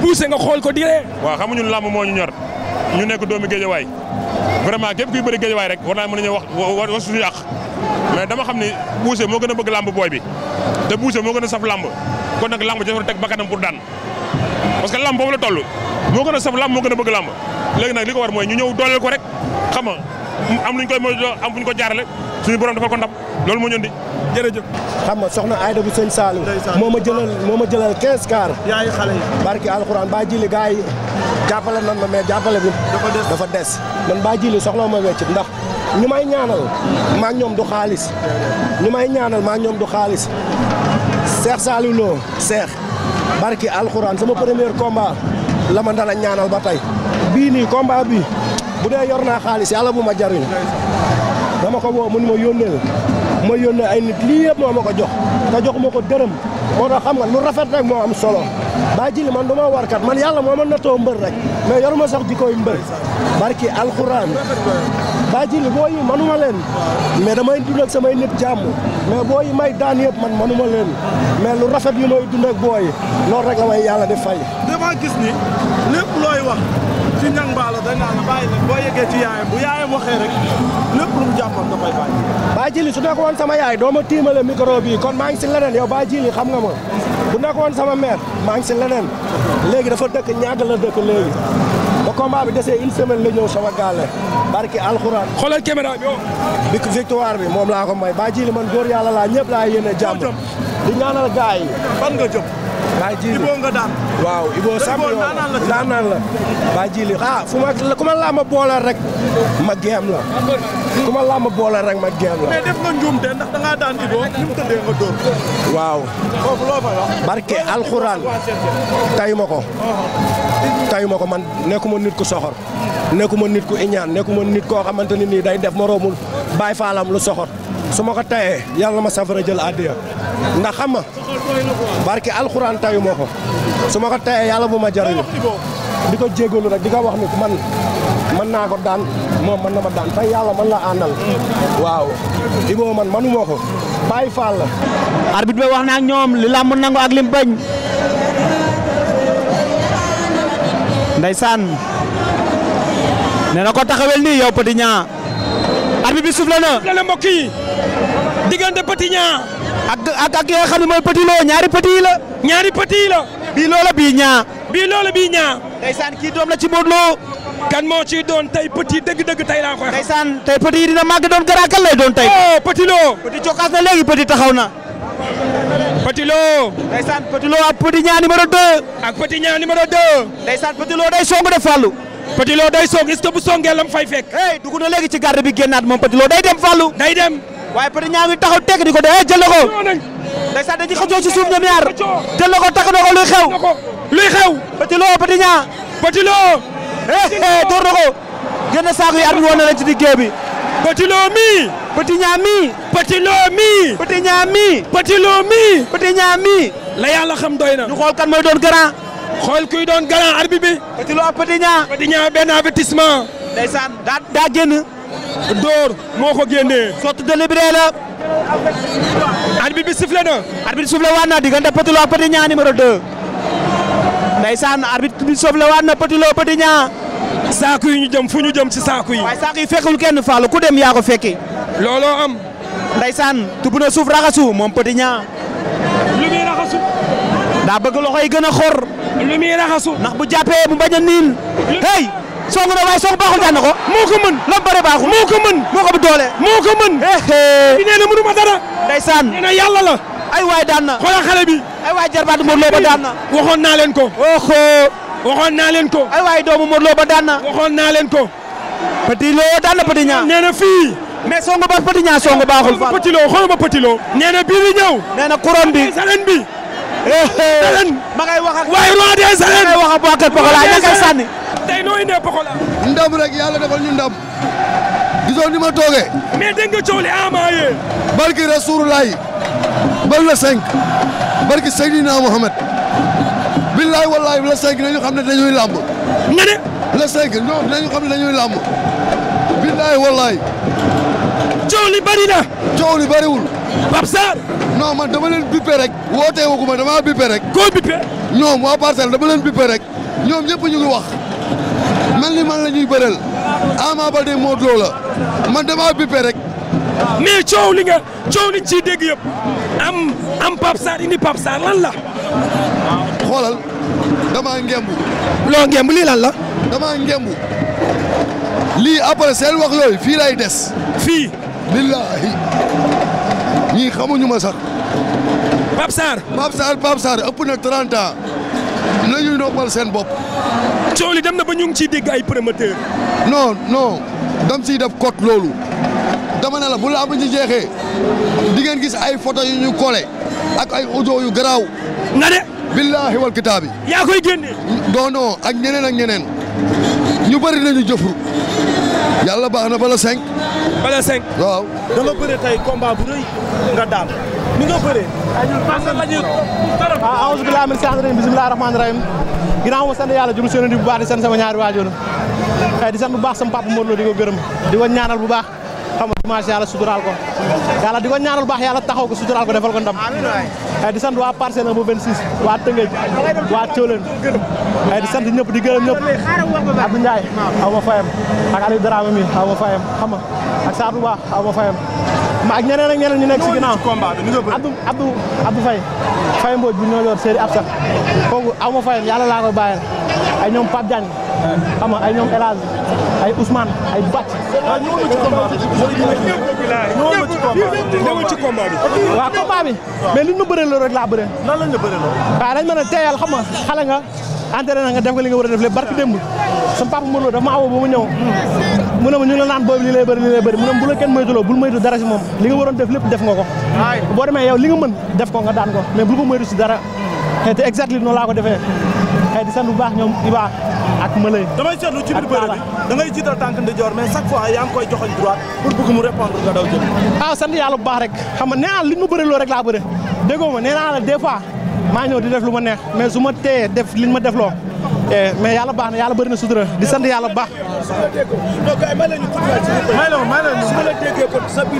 [SPEAKER 2] poussé nga xool ko diree waaw xamuñu làmb moo ñu ñor ñu nekk
[SPEAKER 4] doomi Géejawaay vraiment képp kuy bëri géejawaay rek war naa mën a ñëw wax wax suñu àq mais dama xam ni buuse moo gën a bëgg làmb booy bi te buuse moo gën a saf làmb kon nag làmb dafa teg bakkanam pour daan parce que làmb boobu la toll moo gën a saf làmb moo gën a nag li ko war mooy ñu ñëw dooleel ko rek xam nga am luñ koy moytu am fuñ ko jaarale suñu borom dafa ko ndam
[SPEAKER 1] loolu moo ñëw di jërëjëf. xam soxna Ayda bu sëñ Saalum. moo ma jëlal moo ma jëlal 15 car. yaay xale yi. barki alxuraan baa jili gars jàppale nan ma mais jàppale bi dafa des man baa jili soxla ma weccit ndax ñu may ñaanal maa ñoom du xaalis ñu may ñaanal maa ñoom du xaalis Cheikh Saliou Lo Cheikh barki alxuraan sama premier combat la ma dala ñaanal ba tey bii nii combat bi bu dee yor naa xaalis yàlla bu ma jariñ dama ko woo mun ma yónneel ma yónnee ay nit lii yëpp moo ma ko jox te jox ma ko dërëm moo tax xam nga lu rafet rek moo am solo baa jili man du ma warkat man yàlla moo ma nattoo mbër rek mais yoruma sax jikkoy mbër barki alxuraan baa jili boo yi manuma leen mais damay dund ak samay nit jàmm mais boo yi may daan yëpp man manuma leen mais lu rafet yu may dund ak boo yi loolu rek la may yàlla di fay dama gis ni lépp looy wax ci ñang mbaalo dañ naan bàyyi leen boo ci yaayam bu yaayam waxee rek lépp lu mu jàppoon da koy bàyyi baa jili su nekk woon sama yaay doo ma tiimale micro bi kon maa ngi si leneen yow baa jili xam nga bu nekkoon sama maire maa ngi si leneen léegi dafa dëkk ñaata la dëkk léegi ba combat bi desee une semaine la ñëw sama gaale barki alxuraan. xoolal caméra bi yow. Oh. bi bi moom laa ko may baa ji li man góor yàlla laa ñëpp laa yéene jàmm. di ñaanal gaay yi. ban nga jëm. baa ji daan. waaw Ibou Samb yow naan la baa ji li ah fu ma ku ma laa ma booleel rek ma géem la. ku ma làmb boole rek ma génn la. mais waaw. barke alxuraan tayu ma ko. tayu ma ko man nekkuma nit ku soxor. nekkuma nit ku iñaan ma nit koo xamante ne nii day def moroomul bàyyi faalam lu soxor. su ma ko tayee yàlla ma safara jël addiya ndax xam ma barke alxuraan tayu ma ko su ma ko tayee yàlla bu ma jariñu di ko jégalu rek di ko wax ni man mën naa ko daan moom mën na ma daan tey yàlla man la àndal waaw Ibou man manuma ko bàyyi faal la arbitre bi wax na ak ñoom li làmb nangu ak lim bañ ndeysaan nee na ko taxawel nii yow Petit Niang arbitre bi soufflé na diggante Petit Niang ak ak ak mooy Petit Lo ñaari petit yi la ñaari petit yi la bii loola bii ñaa bii loolu bii ñaa ndeysaan kii doom la ci Modou Lo kan moo ciy doon tey petit dëgg-dëgg tey laa koy xam. ndeysaan tey petit dina màgg doon garaa kan lay doon tey. oh petit Lo. petit cokkaas na léegi petit taxaw na. petit Lo. ak petit ñaa numéro 2. ak petit ñaa numéro 2. ndeysaan petit Lo day song de Fallou. petit Lo day song est-ce que bu songee lam fay fekk. hey dugg na léegi ci garde bi génnaat moom petit Lo day dem Fallou. day dem. waaye petit ñaa ngi taxaw teg di ko de hey jël na ko. ndeysaan dañuy luy xew. Petit Lo Petit Niang. Petit Lo. Eh, eh, Petit Lo door na ko. génn saako yi arbitre woon na la ci diggé bi. Petit Lo mii. Petit Niang mii. Petit Lo mii. Petit Niang mii. Petit Lo mii. Petit Niang mii. la yàlla xam doy na. ñu xool kan mooy doon grand. xool kuy doon grand arbitre bi. Petit Lo ak Petit Niang. Petit Niang benn avertissement. ndeysaan daa daa génn. Dóor moo ko génnee. sotti délibéré la. arbitre bi sifflé na. arbitre sifflé waat naa diggante Petit Lo ak Petit Niang numéro 2. ndeysaan arbitre bi soof la waat na Petit Lo Petit Niang saaku yi ñu jëm fu ñu jëm si saaku yi waaye saaku yi fekkul kenn faalu ku dem yaa ko fekki looloo am day saan tubb na suuf raxasu moom Petit Niang lu muy raxasu daa bëgg loxo yi gën a xor lu muy raxasu ndax bu jàppee mu bañ a niin hey song na waaye song baaxul daan ko moo ko mën lam bare baaxul moo ko mën moo ko bu doole moo ko mën di nee na mënuma dara ndeysaan nee na yàlla la ay waay daan na xoolal ay waay jarbaatu Modou Lo ba daan na. waxoon naa leen ko. oho. waxoon naa leen ko. ay waay doomu Modou Lo ba daan naa leen ko. Petit Lo daan na Petit fii. mais songu ba Petit Niang songu baaxul. xool ma Petit Lo xool ma Petit Lo. nee na bii na couronne bi salen bi. Eh, eh. salen. ma ngay wax ak waaye roi des salen. ma ngay wax ak waa kër Pokola ña ngay sànni. tey noo indee Pokola. ndam rek yàlla defal ma toogee. mais dégg nga coow li amaayee. barki Rasulullah bal la cinq barki Seydina Mohamed billaay wallaay la cinq nañu xam ne dañuy nga ne la cinq non nañu xam ne dañuy làmb billaay wallaay coow li bari na coow li bariwul Pape Sarr non man dama leen bippe rek wootee wu ko ma dama bippe rek koo bippe ñoom waa parcelle dama leen bippe rek ñoom ñëpp ñu ngi wax mel ni man la ñuy bëreel Ama Baldé Modou Lô la man dama bippe rek mais coow li nga coow liñ dégg yëpp am am Pape Sarr lan la. xoolal damaa ngembu loo ngemb lii lan la. damaa ngemb lii après seen wax looyu fii lay des. fii. lillaahi ñii xamuñu ma sax. Pape Sarr. Pape Sarr Pape Sarr ëpp na 30 ans nañu seen bop coow li dem na ba ñu ngi ciy dégg ay promoteur. non non dam ciy def kot loolu. dama ne la bu làmb ji jeexee di ngeen gis ay photo yu ñu collé ak ay audio yu garaaw. nga de. billaahi wal kitaabi. yaa koy génne. non non ak ñeneen ak ñeneen ñu bëri nañu jëfru yàlla baax na bala cinq. bala cinq. waaw. da nga bëre tey combat bu rëy nga daan. ni nga bëree. a aouzu ah, billaahi min seytaani rajiim bismillaahi rahmaani rahiim. ginnaaw ma sant yàlla jublu seen bu baax di sant sama ñaari waajur di sant bu baax sama papa Modou Lo di gërëm di ko ñaanal bu baax. xam nga dimanche yàlla suturaal ko yàlla di ko ñaanal baax yàlla taxaw ko suturaal ko defal ko ndam ay eh, di sant waa parcelle bu 26 waa Tëngéej waa Thiolène ay eh, di sant ñëpp di gërëm ñëpp Abdou Ndiaye aw ma fayam ak Aliou Dramé mi aw ma fayam xam nga ak Sadou Ba aw ma fayam ma ak ñeneen ak ñeneen ñu nekk ci ginnaaw Abdou Abdou bu ñoo yor série ab sax kooku aw ma fayam yàlla laa koy bàyyil ay ñoom Pape eh. ay ñoom ay Ousmane waaw ñëwoon ci combat bi. ñëwoon ci mais liñ ma bëreloo rek laa bëreel. lan lañ la bëreloo. waaw dañ mën a teeyal xam nga xale nga entraîné na nga def nga li nga war a def lépp barki démb sama papa Modou Lo dafa ma awoo mu ñëw mu ne ma ñu naan boobu li lay bëri li lay bëri mu ne ma bu la kenn moytuloo bul moytu dara si moom li nga def lépp def nga ko boo demee yow li mën def ko nga daan ko mais bul ko moytu si dara xëy te exactement noonu laa ko defee xëy di baax ñoom i baax ak mëlay damay seetlu ci biir bëre bi da ngay jiital tànk ndijoor mais chaque fois yaa ngi koy joxoñ droite pour bëgg mu répondre nga daw jël ah sant yàlla bu baax rek xam nga nee naa li ñu ma bëri loo rek laa bëre déggoo ma a naa la fois maa ñëw di def lu ma ne mais suma ma def li ñu ma def loo Eh, mais yàlla baax na yàlla bëri na sutura di sant yàlla la may la su ma la déggee kon sa la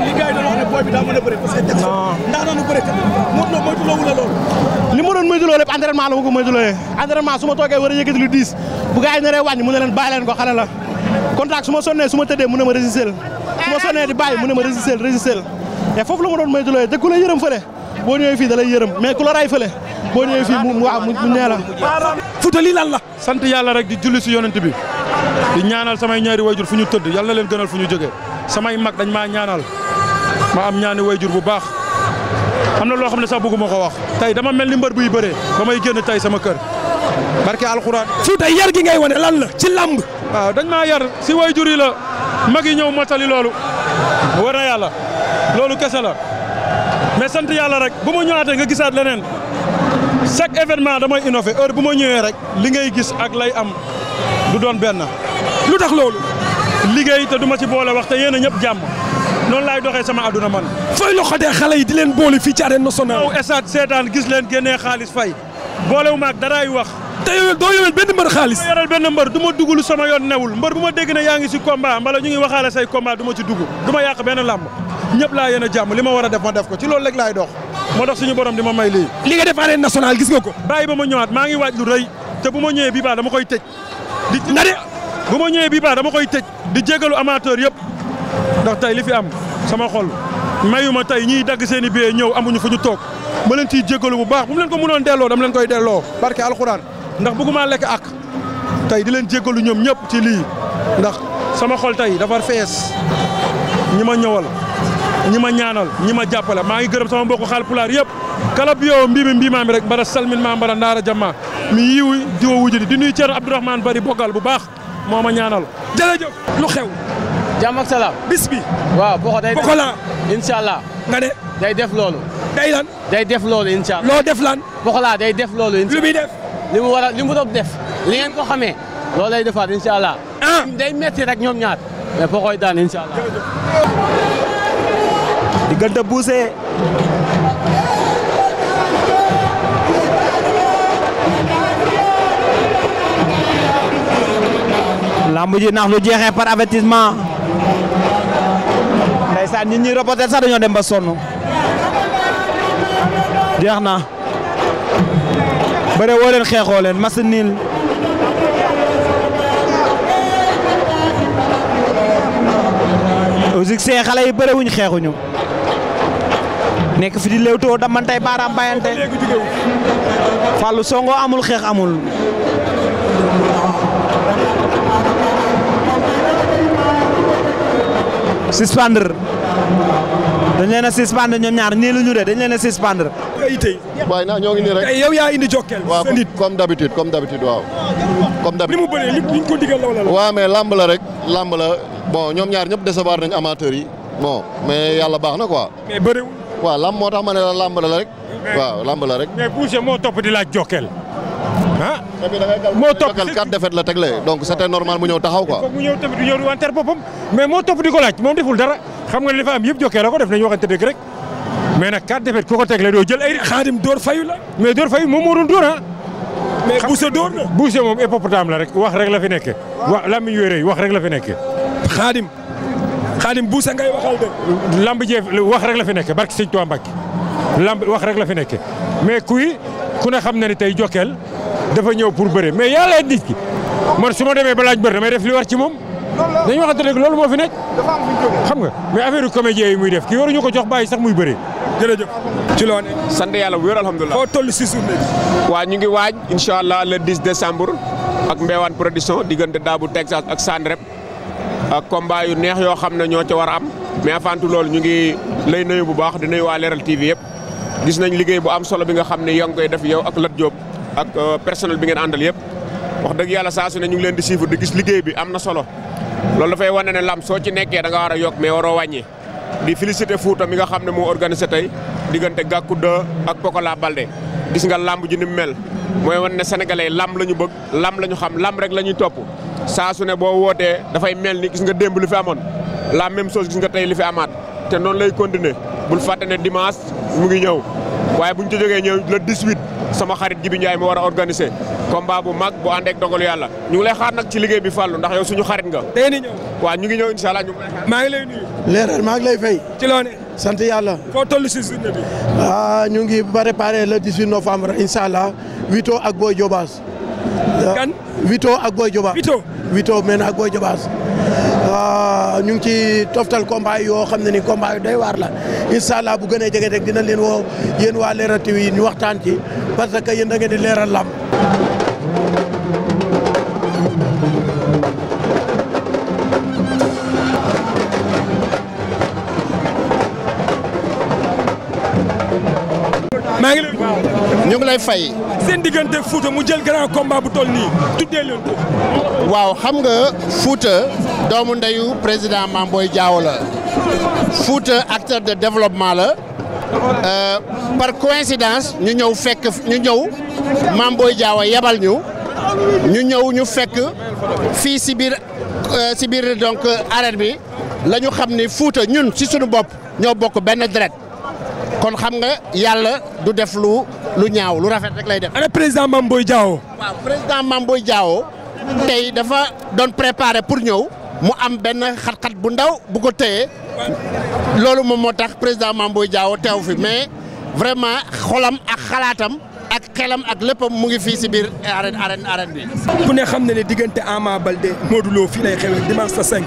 [SPEAKER 1] li gars yi doon wax ne booy bi daa mën a bëri parce que. non ndax noonu bëri kat Modou Lo mooy tuur loolu la loolu. li ma doon moytuloo lépp entraînement la ma ko moytulooyee entraînement su ma toogee a yëkkati lu diis bu gars yi naree wàññi mu ne leen bàyyi leen ko ma sonnee su ma tëddee mu ne ma te foofu la ma boo ñëwee fii da lay yërëm mais ku la ray fële boo fi fii mu waaw mu nee la. Fouta lii lan la. sant yàlla rek di julli si yonent bi di ñaanal samay ñaari wayjur fu ñu tëdd yàlla na leen gënal fu ñu jógee samay mag dañ maa ñaanal ma am ñaani wayjur bu baax am na loo xam ne sax bëgguma ko wax tey dama mel ni mbër buy bëree ba may génn tey sama kër barke alxuraan. Fouta yar gi ngay wane lan la ci làmb. waaw dañ maa yar si wayjur yi la mag yi ñëw motali loolu war yàlla loolu kese la. mais sant yàlla rek bu ma ñëwaatee nga gisaat leneen chaque événement damay innové heure bu ma ñëwee rek li ngay gis ak lay am du doon benn lu tax loolu liggéey te du ci boole wax te yéen a ñëpp jàmm noonu laay doxee sama àdduna man. fooy loxodee xale yi di leen boole fii ci arène nationale. waaw stade seetaan gis leen génnee xaalis fay boolewu ma ak daraay wax. te yow doo yoreel benn mbër xaalis. yoreel benn mbër du ma dugg sama yoon newul mbër bu ma dégg n yaa ngi si combat mbala ñu ngi waxaale say combat du ma ci dugg du yàq benn làmb. ñëpp laa yéen a jàmm li ma war a def ma def ko ci loolu rek laay dox moo tax suñu borom di ma may lii li nga def arène nationale gis nga ko bàyyi ba ma ñëwaat maa ngi waaj lu rëy te bu ma ñëwee bii baa dama koy tëj di nga de bu ma ñëwee bii dama koy tëj di jégalu amateur yëpp ndax tey li fi am sama xol mayu ma tey ñii dagg seen i billet ñëw amuñu fu ñu toog ma leen ciy jégalu bu baax bu mu leen ko mënoon delloo dama leen koy delloo barke alxuraan ndax bëgguma lekk ak tey di leen jégalu ñoom ñëpp ci lii ndax sama xol tey dafa fees ñi ma ñëwal ñi ma ñaanal ñi ma jàppale maa ngi gërëm sama mbokku Haalpulaar yëpp kala biyo mbiimi mbiimaami rek mbara salmin ma mbara ndaara jamma mi yiw diwa wujudi di nuyu Ceerno Abdourahmane Bari bogal bu baax moo ma ñaanal jërëjëf lu xew jàmm ak salaam bis waaw boko day boko la incha allah nga ne day def loolu day day def loolu incha loo def lan boko la day def loolu incha allah lu muy def li mu war a li mu doon def li ngeen ko xamee loolu lay defaat incha allah ah. day metti rek ñoom ñaar mais bokoy daan incha diggante Bousse lamb ji ndax lu jeexee par avertissement ndeysaan nit ñi reporter sax dañoo dem ba sonn jeex na bëre woo leen xeexoo leen machine niil aussi seen xale yi bëre wuñ xeexuñu nekk fi di léewtoo damantey baaraam bayante fàllu songoo amul xeex amul suspendre dañ leen a suspendre ñoom ñaar nii lu ñu de dañ leen a suspendre waaye naa ñoo ngi nii rek yow yaa indi jokkeel waaw comme d'habitude comme d'habitude waaw comme d'habitude ni mu bëree li ñu la waaw mais lamb la rek lamb la bon ñoom ñaar ñëpp décevoir nañ amateurs yi bon mais yàlla baax na quoi waaw lamb moo tax ma ne la la rek. waaw lamb la rek. mais Boucher moo topp di laaj Jokal. ah moo topp Jokal quatre défaites la tegle donc c'était normal mu ñëw taxaw quoi.
[SPEAKER 6] mu ñëw tamit du ñëw
[SPEAKER 1] di wanteer boppam mais moo topp di ko laaj moom deful dara
[SPEAKER 4] xam nga li fa am yëpp Jokal la ko def nañu waxante dëgg rek mais nag quatre défaites ku ko tegle doo jël ay. xaadim door fayu la. mais door fayu moom moo doon door ah. mais Boucher door na. Boucher moom hippopotame la rek wax rek la fi nekk. waaw lamiñ yooyu wax rek la fi nekk. xaadim xaadim buusa ngay waxal de. lamb jee wax rek la fi nekk barki sëñ Tuubaa Mbàkke lamb wax rek la fi nekke mais kuy ku ne xam na ne tey Jokal dafa ñëw pour bëre mais yàlla nit ki man su ma demee ba laaj bëri damay def li war ci moom. dañu waxante dëgg loolu moo fi nekk. xam nga
[SPEAKER 6] mais affaire comédien yi muy def kii waruñu ko jox bàyyi sax muy bëre. jërëjëf ci loo ne sant yàlla bu wér alhamdulilah. foo toll si suuf waa ñu ngi waaj incha allah le 10 décembre ak Mbéwane production diggante Daabu Texas ak Sandrep ak combat yu neex yoo xam ne ñoo ca war a am mais avant loolu ñu ngi lay nuyu bu baax di nuyu waa Leral TV yëpp gis nañ liggéey bu am solo bi nga xam ne yaa ngi koy def yow ak Lat Diop ak euh, personnel bi ngeen àndal yëpp wax dëgg yàlla saa su ñu ngi leen di suivre di gis liggéey bi am na solo loolu dafay wane ne lam soo ci nekkee da nga war a yokk mais waroo wàññi di félicité Fouta mi nga xam ne moo organisé tey diggante Gàkku 2 ak laa Balde gis nga lamb ji ni mu mel mooy wan ne sénégalais lamb la ñu bëgg lamb la ñu xam lamb rek la ñuy topp saa su ne boo wootee dafay mel ni gis nga demb lu fi amoon laa même chose gis nga tey li fi amaat te noonu lay continuer bul fàtte ne dimanche mu ngi ñëw waaye bu ñu ci jógee ñëw le 18 sama xarit Jibi Ndiaye mu war a organiser combat bu mag bu ànd ak yàlla ñu ngi lay xaar nag ci liggéey bi fàllu ndax yow suñu xarit nga. day ni ñu ngi ñëw incha allah ñu ngi maa ngi lay nuyu.
[SPEAKER 1] leeral maa ngi lay fay. ci loone sant yàlla. foo tollu si journée bi. ah ñu ngi préparé le 18 novembre incha allah Wito ak Boy Diobass. wito euh, ak Boy Jobaas. Vito Vito men ak Boy Jobaas. Euh, ñu ngi ci toftal combat yoo xam ne ni combat day waar la incha allah bu gënee jege rek dina leen woo yéen waa Leral TV yi ñu waxtaan ci parce que yéen da ngeen di leeral lam maa ñu ngi lay fay. seen diggante Fouta mu jël grand combat bu toll nii tuddee
[SPEAKER 6] waaw xam nga fuuta doomu ndeyu président Mame Boye Diao la Fouta acteur de développement la euh, par coïncidence
[SPEAKER 1] ñu ñëw fekk ñu ñëw Mame Boye Diao yebal ñu ñu ñëw ñu fekk fii si biir euh, si biir donc euh, arène bi la ñu xam ni fuuta ñun si suñu bopp ñoo bokk benn deret kon xam nga yàlla du def lu. lu ñaaw lu rafet rek lay def. ana président Mame Boye Diao. waaw président Mame Boye Diao tey dafa doon préparer pour ñëw mu am benn xat-xat bu ndaw bu ko téye loolu moom moo tax président mambooy Boye Diao teew fi mais vraiment xolam a xalaatam. ak xelam ak léppam mu ngi fii si biir arène arène arène bi. ku ne xam ne ne diggante Ama Baldé Modou Lo fii lay xewee sa 5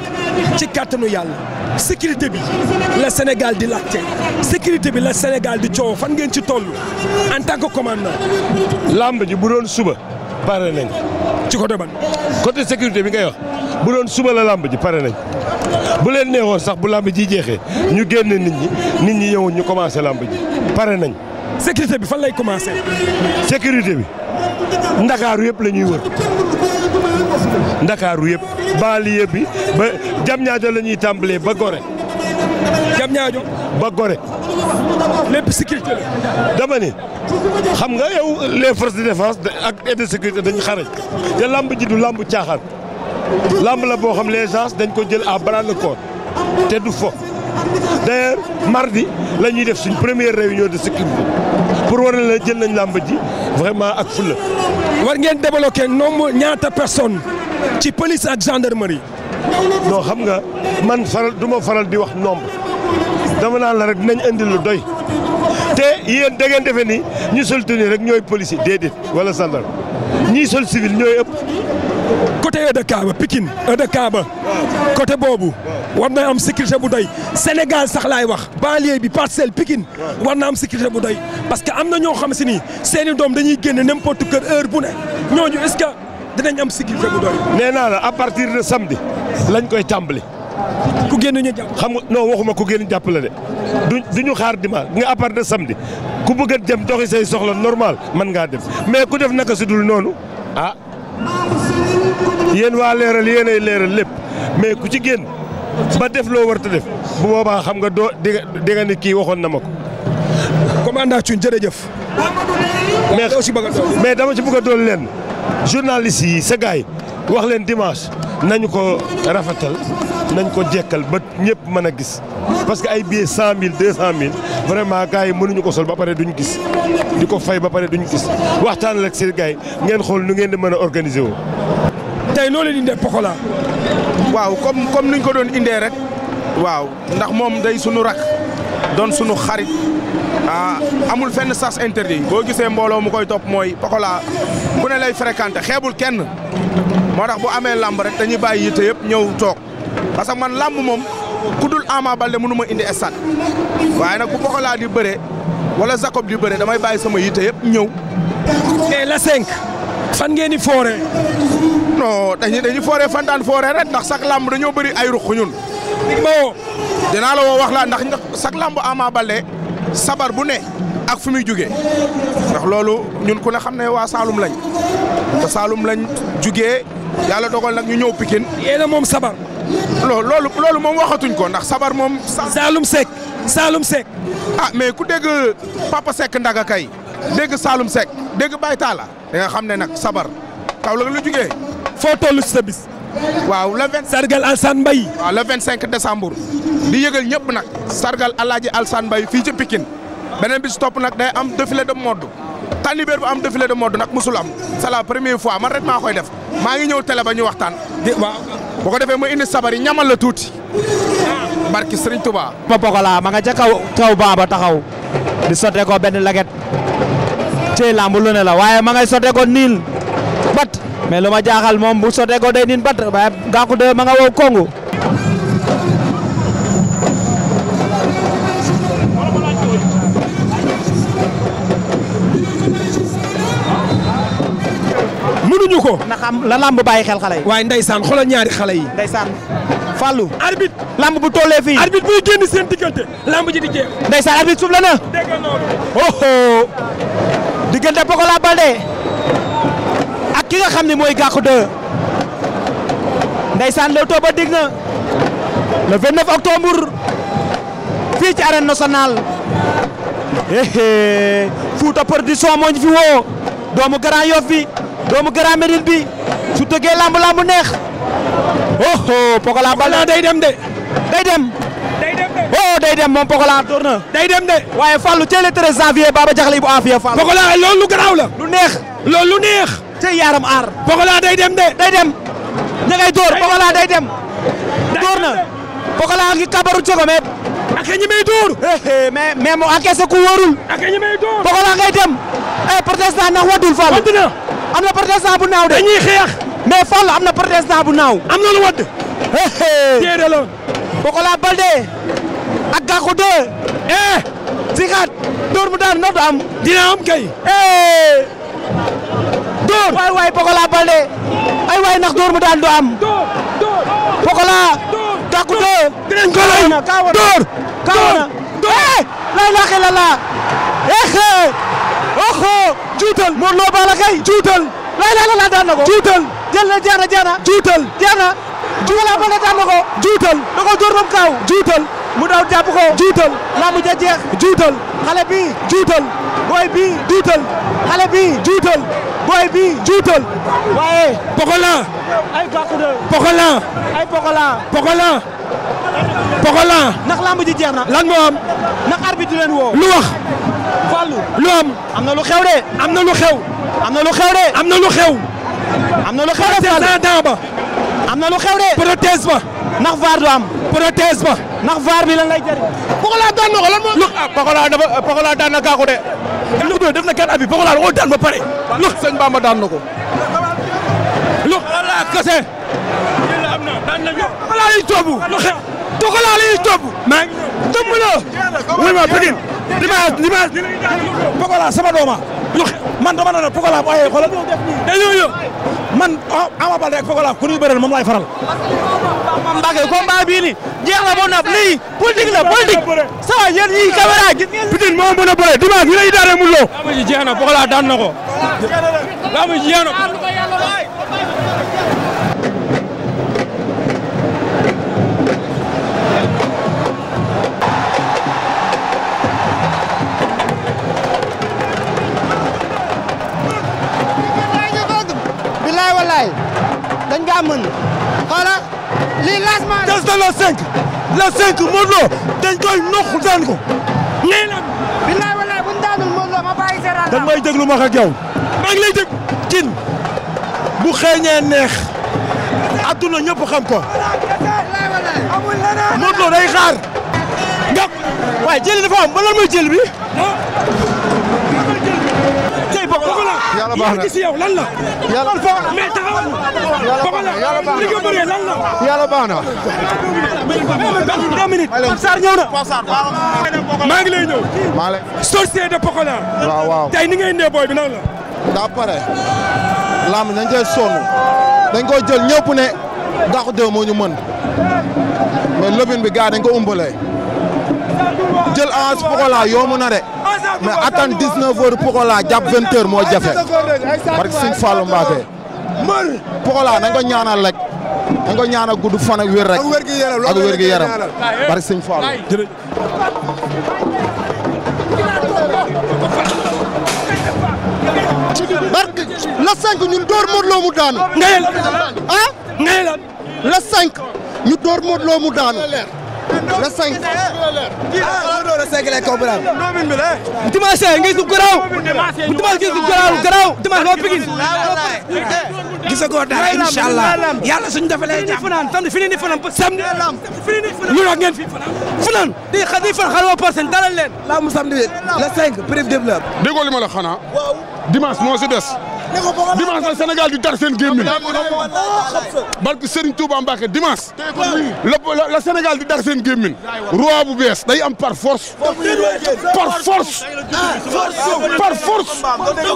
[SPEAKER 1] ci kàttanu yàlla sécurité bi la Sénégal di laajte sécurité bi la Sénégal di coow fan ngeen ci toll en tant que commandant. lamb ji bu doon suba pare nañ ci côté ban. côté sécurité bi ngay wax bu doon suba la lamb ji pare nañ bu leen neexoon sax bu lamb ji jeexee ñu génne nit ñi nit ñi ñëwoon ñu commencé lamb ji pare nañ. sécurité bi fan lay commencé. sécurité bi ndakaaru yëpp la ñuy wër ndakaaru yëpp banlieue bi ba Diamniadio la ñuy tàmbalee ba Gorée. Diamniadio ba gore lépp sécurité dama ne xam nga yow les forces de défense ak et de sécurité dañu xarañ te lamb ji du lamb caaxal làmb la boo xam les gens dañ ko jël à bras le corps te du fo. d'ailleurs mardi lañuy def suñ première réunion de sécurité pour war la jël nañ làmb ji vraiment ak fulla war ngeen débloqué nombre ñaata personne ci police ak gendarmerie. non xam nga man faral du faral di wax nombre dama naan la rek dinañ indil lu doy te yéen da ngeen defee ni ñu sol soltani rek ñooy policier déedéet wala gendarme ñii sol civil ñooy ëpp. côté EDK ba Pikine EDK ba côté boobu war na am sécurité bu doy Sénégal sax laay wax banlieue bi parcelle Pikine war na am sécurité bu doy parce que am na ñoo xam si ni seen i dañuy génn n'importe quelle heure bu ne ñoo est-ce que dinañ am sécurité bu doy. nee naa la à partir de samedi lañ koy tàmbali. ku génn ñu jàpp. xam nga non waxuma ku génn jàpp la de du du ñu xaar dimanche nga à partir de samedi ku bëgg jëm dem doxi say soxla normal mën ngaa def mais ku def naka si dul noonu ah. yéen waa leeral yéenay leeral lépp mais ku ci génn ba def loo war ta def bu boobaa xam nga doo di nga kii waxoon na ma ko. commandant Thioune jërëjëf. mais mais dama ci bëgg a doon leen journaliste yi sa gars wax leen dimanche nañu ko rafetal nañ ko jekkal ba ñëpp mën a gis parce que ay billets cent mille deux cent mille vraiment gars yi mënuñu ko sol ba pare duñu gis di ko fay ba pare duñ gis waxtaan la ak seen gars ngeen xool nu ngeen di mën a organiser woo. tey noo leen indee Pokola. waaw comme comme niñ ko doon indee rek. waaw ndax moom day sunu rak doon sunu xarit ah amul fenn sens interdit boo gisee mbooloo mu koy topp mooy Pokola ku ne lay fréquenté xeebul kenn moo tax bu amee lamb rek dañuy bàyyi yitte yëpp ñëw toog parce que man lamb moom ku dul Ama Baldé mënu ma indi stade waaye nag bu Pokola di bëre wala Jacob di bëre damay bàyyi sama yitte yëpp ñëw. mais la 5 fan ngeen foore non dañuy dañuy fooree fantaan fooree ren ndax sax lamb dañoo bëri ay ruq ñun. moo dinaa la wax la ndax sax làmb Ama bale sabar bu ne ak fu muy ndax loolu ñun ku ne xam ne waa Saalum lañ te Saalum lañ jugee yàlla dogal nag ñu ñëw Pikine. yéen a moom sabar. loolu loolu loolu moom waxatuñ ko ndax sabar moom. Saalum sek Saalum sek a ah, mais ku dégg Papa Seck ndaga kay dégg Saalum sek dégg Baye Talla da nga xam ne nag sabar taw la la jugee. foo toll si sa bis. waaw le vingt sargal Alsane Mbaye. waaw le vingt cinq décembre. di yëgal ñëpp nag. sargal alaaji Alsane Mbaye fii ci pikin beneen bi topp nag day am défilé de mode. tànnibéer bu am défilé de mode nag musul am. c'est la première fois man rek maa koy def. maa ngi ñëw télé ba ñu waxtaan. waaw boo ko defee mu indi sabar yi ñamal la tuuti. barki Sëriñ Tuubaa. Popokola ma nga ca kaw kaw ba taxaw. di sotte ko benn laget. cey lamb lu ne la waaye ma ngay sotte ko niil. mais lu ma jaaxal moom bu sotee ko day nin bat waaye Gackou 2 ma nga wow kongu mënuñu ko. na xam la lamb bàyyi xel xale yi. waaye ndeysaan xoolal ñaari xale yi. ndeysaan Fallou. arbitre lamb bu tollee fii. arbitre buy génn seen diggante. lamb ji di jeex. ndeysaan arbitre suuf la na. dégg nga noonu. oh oh ki nga xam ne mooy Gackou 2 ndeysaan Leewtoo ba dig na le 29 octobre fii ci arène nationale éé eh, eh. Fouta production mooñ fi woo doomu Grand Yoff bi doomu Grand Médine bi su tëggee lamb lamb neex oh, oh Pokola Baldé day dem de day oh, day dem moom Pokola door day dem de waaye Fallou teel a 13 janvier Baba Jaxle bu Afia Fallou Pokola loolu lu garaaw la lu neex lool lu neex te yaram aar. Pokola day de. day dem door Pokola day door na Pokola ngi kabaru cogo mais. ak ñi eh, eh, ku wóorul. ak ñi may door Pokola ngay dem. Eh, am na protestant bu naaw de. dañuy xeex. am na protestant bu naaw. am na lu wadd. téere la. ak Gackou 2. eh. Sikaat door mu daan noo am. dina am kay. door waay waay Pokola Baldé ay waay ndax door mu daal du am. door door Pokola. door takku door. door kaawana eh la ilaha illallah eh, eh. juutal Mor Lo Balla Gaye juutal la ilaha illallah daan na ko juutal jël na jaana juutal juutal juutal mu daw jàpp ko juutal laa mu jeex juutal xale juutal booy juutal xale juutal booy bi juutal. waaye. Pokola. ay Bakude. Pokola. ay Pokola. Pokola. na. lan am. ndax arbitre du leen woo. lu wax. Fallou lu am. am na lu xew de. am na lu xew. am na lu xew de. am na lu xew. am na lu xew am na lu xew de. protège ma. ndax vaar du am. protège ma. ndax vaar bi lan lay jëriñ. Pokola daan na lan moo. ah Pokola dafa daan na Gackou de. Gackou de def na quatre appuis Pokola da koo daan ba pare. lu sëñ Bamba daan na lu Pokola kese. daan na ñëw Pokola lay toobu. Pokola lay toobu. maa ngi tëmb la. wuy ma Pikine dimanche dimanche Pokola dooma ñu man dama ne Pokola bu ayee xoolal dañoo ñëw man ah, Ama Baldé ak Pokola ku ñuy bëreel moom laay faral.
[SPEAKER 2] Mame Mbacké combat
[SPEAKER 1] bii nii jeex na ba lii politique la politique ça va yéen ñii caméra gis ngeen. Pikine moo mën a bëre loo. laa mën xoola lii lancement des na la cinq la cinq Modou Lo dañ koy noq ko nee na bilaay walaay
[SPEAKER 5] buñ daanul Modou Lo ma bàyyi
[SPEAKER 1] seetaan dañ may déglu ma ak yow cin bu xeeñee neex adduna ñëpp xam ko Modou Lo day nga waaye jëli dafa am ba lan mooy baax na ci yow la. yàlla mais maa ngi lay maa lay. sorcier de Pokola. waaw ni ngay indee booy bi nan la. daa pare. lamb dañ koy sonn. dañ koy jël ñëpp ne. dàqu mën. mais lobin bi gars ko umbale. jël avance Pokola yomb na de. mais attendre 19 heures Pokola jàpp 20 heures moo jafe
[SPEAKER 2] parce que Sëñ Fallou Mbacké
[SPEAKER 1] Pokola nañ ko ñaanal rek nañ ko ñaanal gudd fan ak wér rek ak wér gi yaram parce que Sëñ Fallou barke la 5 ñun door Modou Lo mu daanu. ngay lan ah ngay lan la 5 ñu door Modou Lo daanu. le 5. ah non le 5 lay comprendre. dimanche nga gis garaaw. bu dimanche gis garaaw garaaw dimanche ba Pikine. gisagoo dara incha allah yàlla suñu defalee jàmm. fi ngeen di fanaan samedi fi ngeen di fanaan ñu wax ngeen fanaan. di xa di fan xaral waa Parcelles dalal leen. laamu la. déggoo li ma la xanaa. dimanche moo si des. dimanche nag Sénégal di dar seen gémmiñ oh,
[SPEAKER 2] barke Serigne Touba Mbacké dimanche la la Sénégal di dar seen gémmiñ bu bees day am par force par force par
[SPEAKER 1] force ma la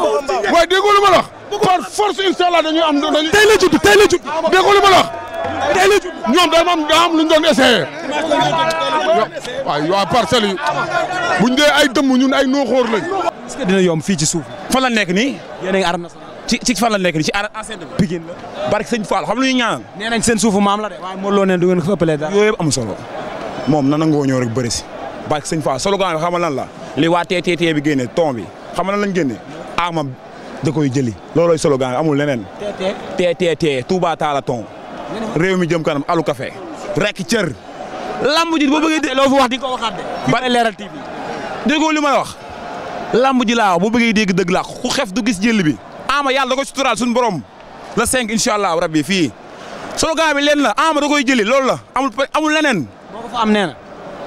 [SPEAKER 1] wax par force inshallah dañuy am dañuy tey la judd tey ma la wax tey la judd ñoom am daa lu ñu doon essayé waaw waa parcelles yi buñ dee ay dëmm ñun ay nooxóor lañ est-ce que dina yomb fii ci suuf. fan la nekk nii. a ngi la bi. Pikine la barke sëñ Fall xam lu ñu ñaanal. suufu maam la de. waaye Modou Lo ne du ngeen ko ëppalee dara.
[SPEAKER 3] yooyu yëpp am solo moom nan la nga ñëw rek bëri si.
[SPEAKER 1] barke sëñ Fall lan la li waa TTT bi génne ton bi lan lañ génne ama
[SPEAKER 3] da jëli loolooy solo gaa amul leneen.
[SPEAKER 1] TTT TTT Touba Talla ton. réew mi jëm kanam alu café rek cër. lamb ji boo bëggee dee loo fi wax di ko waxaat de. ba leeral TV déggoo lamb ji laa bu bëggee dégg dëgg laa ku xef du gis jël bi. ama yàlla da ko suturaal suñu borom la cinq incha allah rabbi fii soo gaa bi leen la ama da koy jëli loolu la amul amul leneen. moo ko am nee na.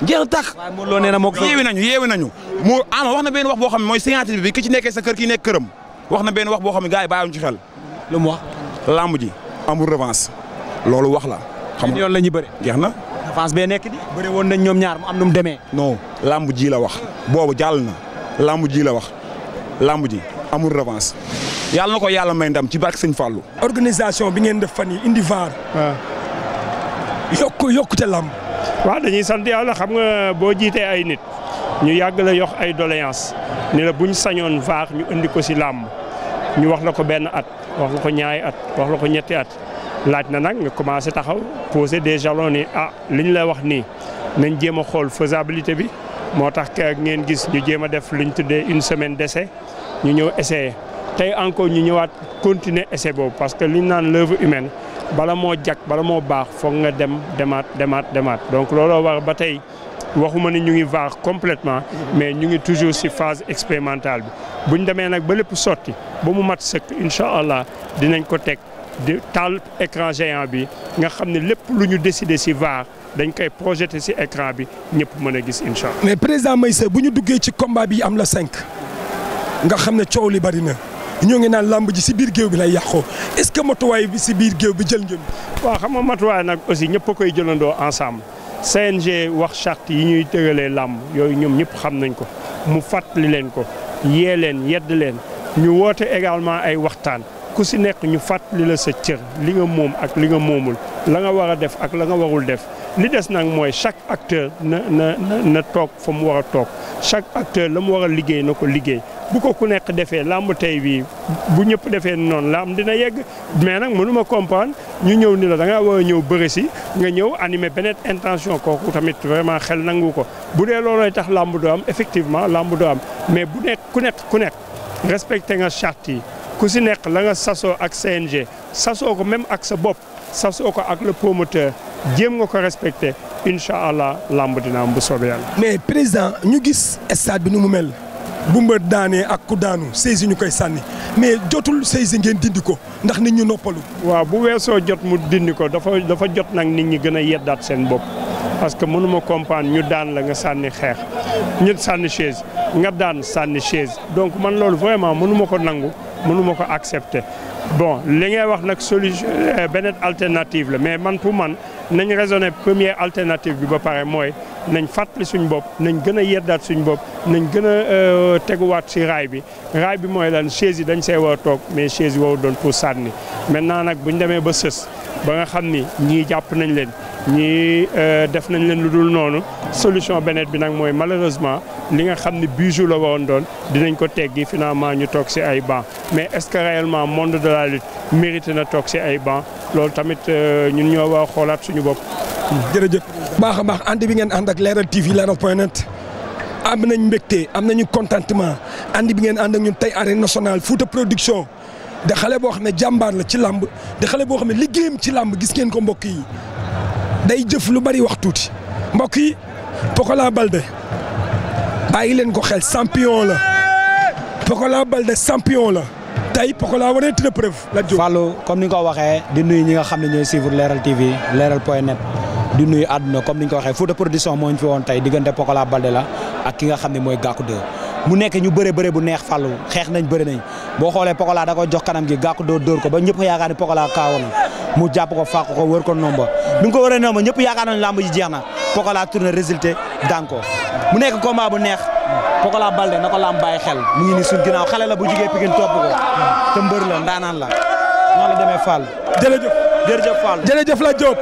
[SPEAKER 1] jeex tak waaye Modou Lo nee na moo ko yeewi nañu yeewi nañu moo ama wax na benn wax boo xam ne mooy signature bi ki ci nekkee sa kër ki nekk këram wax na benn wax boo xam ne gars yi bàyyiwuñu ci xel. lu mu wax. lamb ji amul revanche loolu wax la. xam nga la ñuy bëri. jeex na. revanche bee nekk di. bëri woon nañ ñoom ñaar mu am nu mu demee. non lamb ji la wax boobu jàll na làmb ji la wax làmb ji amul revanche yàlla na ko yàlla may ndam ci baat sëñ Fallou.
[SPEAKER 5] organisation bi ngeen def fan yi indi vaar. yokk yokkute làmb. waaw dañuy sant yàlla xam nga boo jiitee ay nit ñu yàgg la yox ay doléance ni la buñ sañoon vaar ñu indi ko si làmb ñu wax la ko benn at wax la ko ñaari at wax la ko ñetti at laaj na nag nga commencé taxaw poser des jalons ni ah liñ lay wax nii nañ jéem a xool faisabilité bi. moo tax ngeen gis ñu jéem a def ñu tuddee une semaine d'essai ñu ñëw essayer tey encore ñu ñëwaat continuer essai boobu parce que liñ naan l'œuvre humaine bala moo jag bala moo baax foog nga dem demaat demaat demaat donc looloo war ba tey waxuma ni ñu ngi vaar complètement mais ñu ngi toujours si phase expérimentale bi bu ñu demee nag ba lépp sotti ba mu mat sëkk incha allah dinañ ko teg di taal écran géant bi nga xam ne lépp lu ñu décider si vaar dañ koy projeté ci écran bi ñëpp mën a gis incha allah.
[SPEAKER 1] mais président Meissa bu ñu duggee ci combat bi am la cinq nga xam ne coow
[SPEAKER 5] li bari na ñoo ngi naan làmb ji ci biir géew bi lay yàqoo est-ce que matuwaay bi ci biir géew bi jël ngeen. waaw xam nga matuwaay nag aussi ñëpp a koy jëlandoo ensemble CNG wax charte yi ñuy tëralee làmb yooyu ñoom ñëpp xam nañ ko mu fàttali leen ko yee leen yedd leen ñu woote également ay waxtaan. ku si nekk ñu fàttali la sa cër li nga moom ak li nga moomul la nga war a def ak la nga warul def li des nag mooy chaque acteur na na na toog fa mu war a toog chaque acteur la mu war a liggéey na ko liggéey bu ko ku nekk defee làmb tey bii bu ñëpp defee noonu làmb dina yegg mais nag mënuma comprendre ñu ñëw ni la da ngaa war a ñëw bëri si nga ñëw animer beneen intention kooku tamit vraiment xel nangu ko bu dee loolooy tax làmb do am effectivement làmb do am mais bu nekk ku nekk ku nekk ku si nekk la nga sasoo ak CNG sasoo ko même ak sa bopp sasoo ko ak le promoteur jéem nga ko respecté incha allah làmb dina bu soobee yàlla.
[SPEAKER 1] mais président ñu gis stade bi nu mu mel. bu mbër daanee ak ku daanu saisi ñu koy sànni mais jotul saisi ngeen dindi ko ndax nit ñu noppalu.
[SPEAKER 5] waaw bu weesoo jot mu dindi ko dafa dafa jot nag nit ñi gën a yeddaat seen bopp parce que mënuma comprendre ñu daan la nga sànni xeex ñu sànni chaise nga daan sànni chaise donc man loolu vraiment mënuma ko nangu. mënuma ko accepter bon li ngay wax nag solution euh, beneen alternative la mais man pour man nañ raisonné premier alternative bi ba pare mooy nañ fàttali suñ bopp nañ gën a yeddaat suñ bopp nañ gën a euh, teguwaat si raay bi raay bi mooy lan chaise dañ see war a toog mais chaise yi waru doon pour sànni maintenant nag bu ñu demee ba sës ba nga xam ni ñii jàpp nañ leen. ñii euh, def nañ leen lu dul noonu solution beneen bi nag mooy malheureusement li nga xam ne bijou la waroon doon dinañ ko teggi finalement ñu toog si ay banc mais est-ce que réellement monde de la lutte mérité na toog si ay banc loolu tamit euh, ñun ñoo war xoolaat suñu bopp. jërëjëf baax a baax ànd bi ngeen ànd ak leeral TV
[SPEAKER 1] leeral point net am nañ mbégte am nañu contentement ànd bi ngeen ànd ak ñun tey arène nationale Fouta production de xale boo xam ne jàmbaar la ci làmb de xale boo xam ne liggéeyam ci làmb gis ngeen ko mbokk yi. day jëf lu bari wax tuuti mbokk yi Pokola Balde bàyyi leen ko xel sampion la Pokola Balde champion la tey Pokola waneeti na preuve la jóg. Fallou comme ni ko waxee di nuyu ñi nga xam ne ñooy suivre Leral TV Leral point net di nuyu àdduna comme ni nga ko waxee Fouta production moo ñu fi woon tey diggante Pokola Balde la ak ki nga xam ne mooy Gackou 2 mu nekk ñu bëre bëre bu neex Fallou xeex nañ bëre nañ boo xoolee Pokola da ko jox kanam gi gàkku dóor dóor ko ba ñëpp yaakaar ni Pokola kaawoon na mu jàpp ko fàq ko wër ko nomba bi nga ko wëree nomba ñëpp yaakaar nañu làmb mu jeex na Pokola tourné résulté daan ko mu nekk combat bu neex Pokola Baldé na ko làmb bàyyi xel mu ngi ni suñ ginnaaw xale la bu jugee Pikine topp ko te mbër la ndaanaan la noonu la demee Fall. jërëjëf jërëjëf Fall jërëjëf la Diop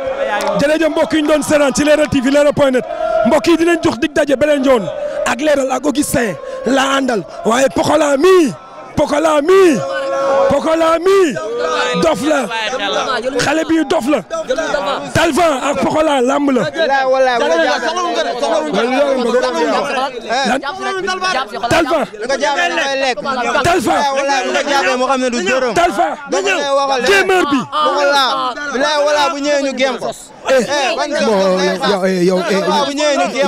[SPEAKER 1] jërëjëf mbokk yi ñu doon seetaan ci Leral TV Leral point net mbokk yi dinañ jox dig daje beneen yoon ak Leral ak Augustin la àndal waaye Pokola mii Pokola Pokola mii dof la xale bi dof la Talvan ak Pokola lamb la. Talvan Talvan Talvan gémeur bi. eh yow yow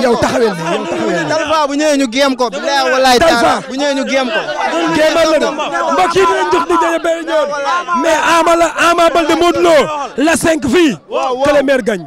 [SPEAKER 1] yow taxawel ne Talvan bu ñëwee ñu géem ko. Talvan bu ñëwee ñu géem ko. gémeur la de mbokk yi dinañ jox daje benn yoon mais Ama la Ama Baldé la 5 fii que le maire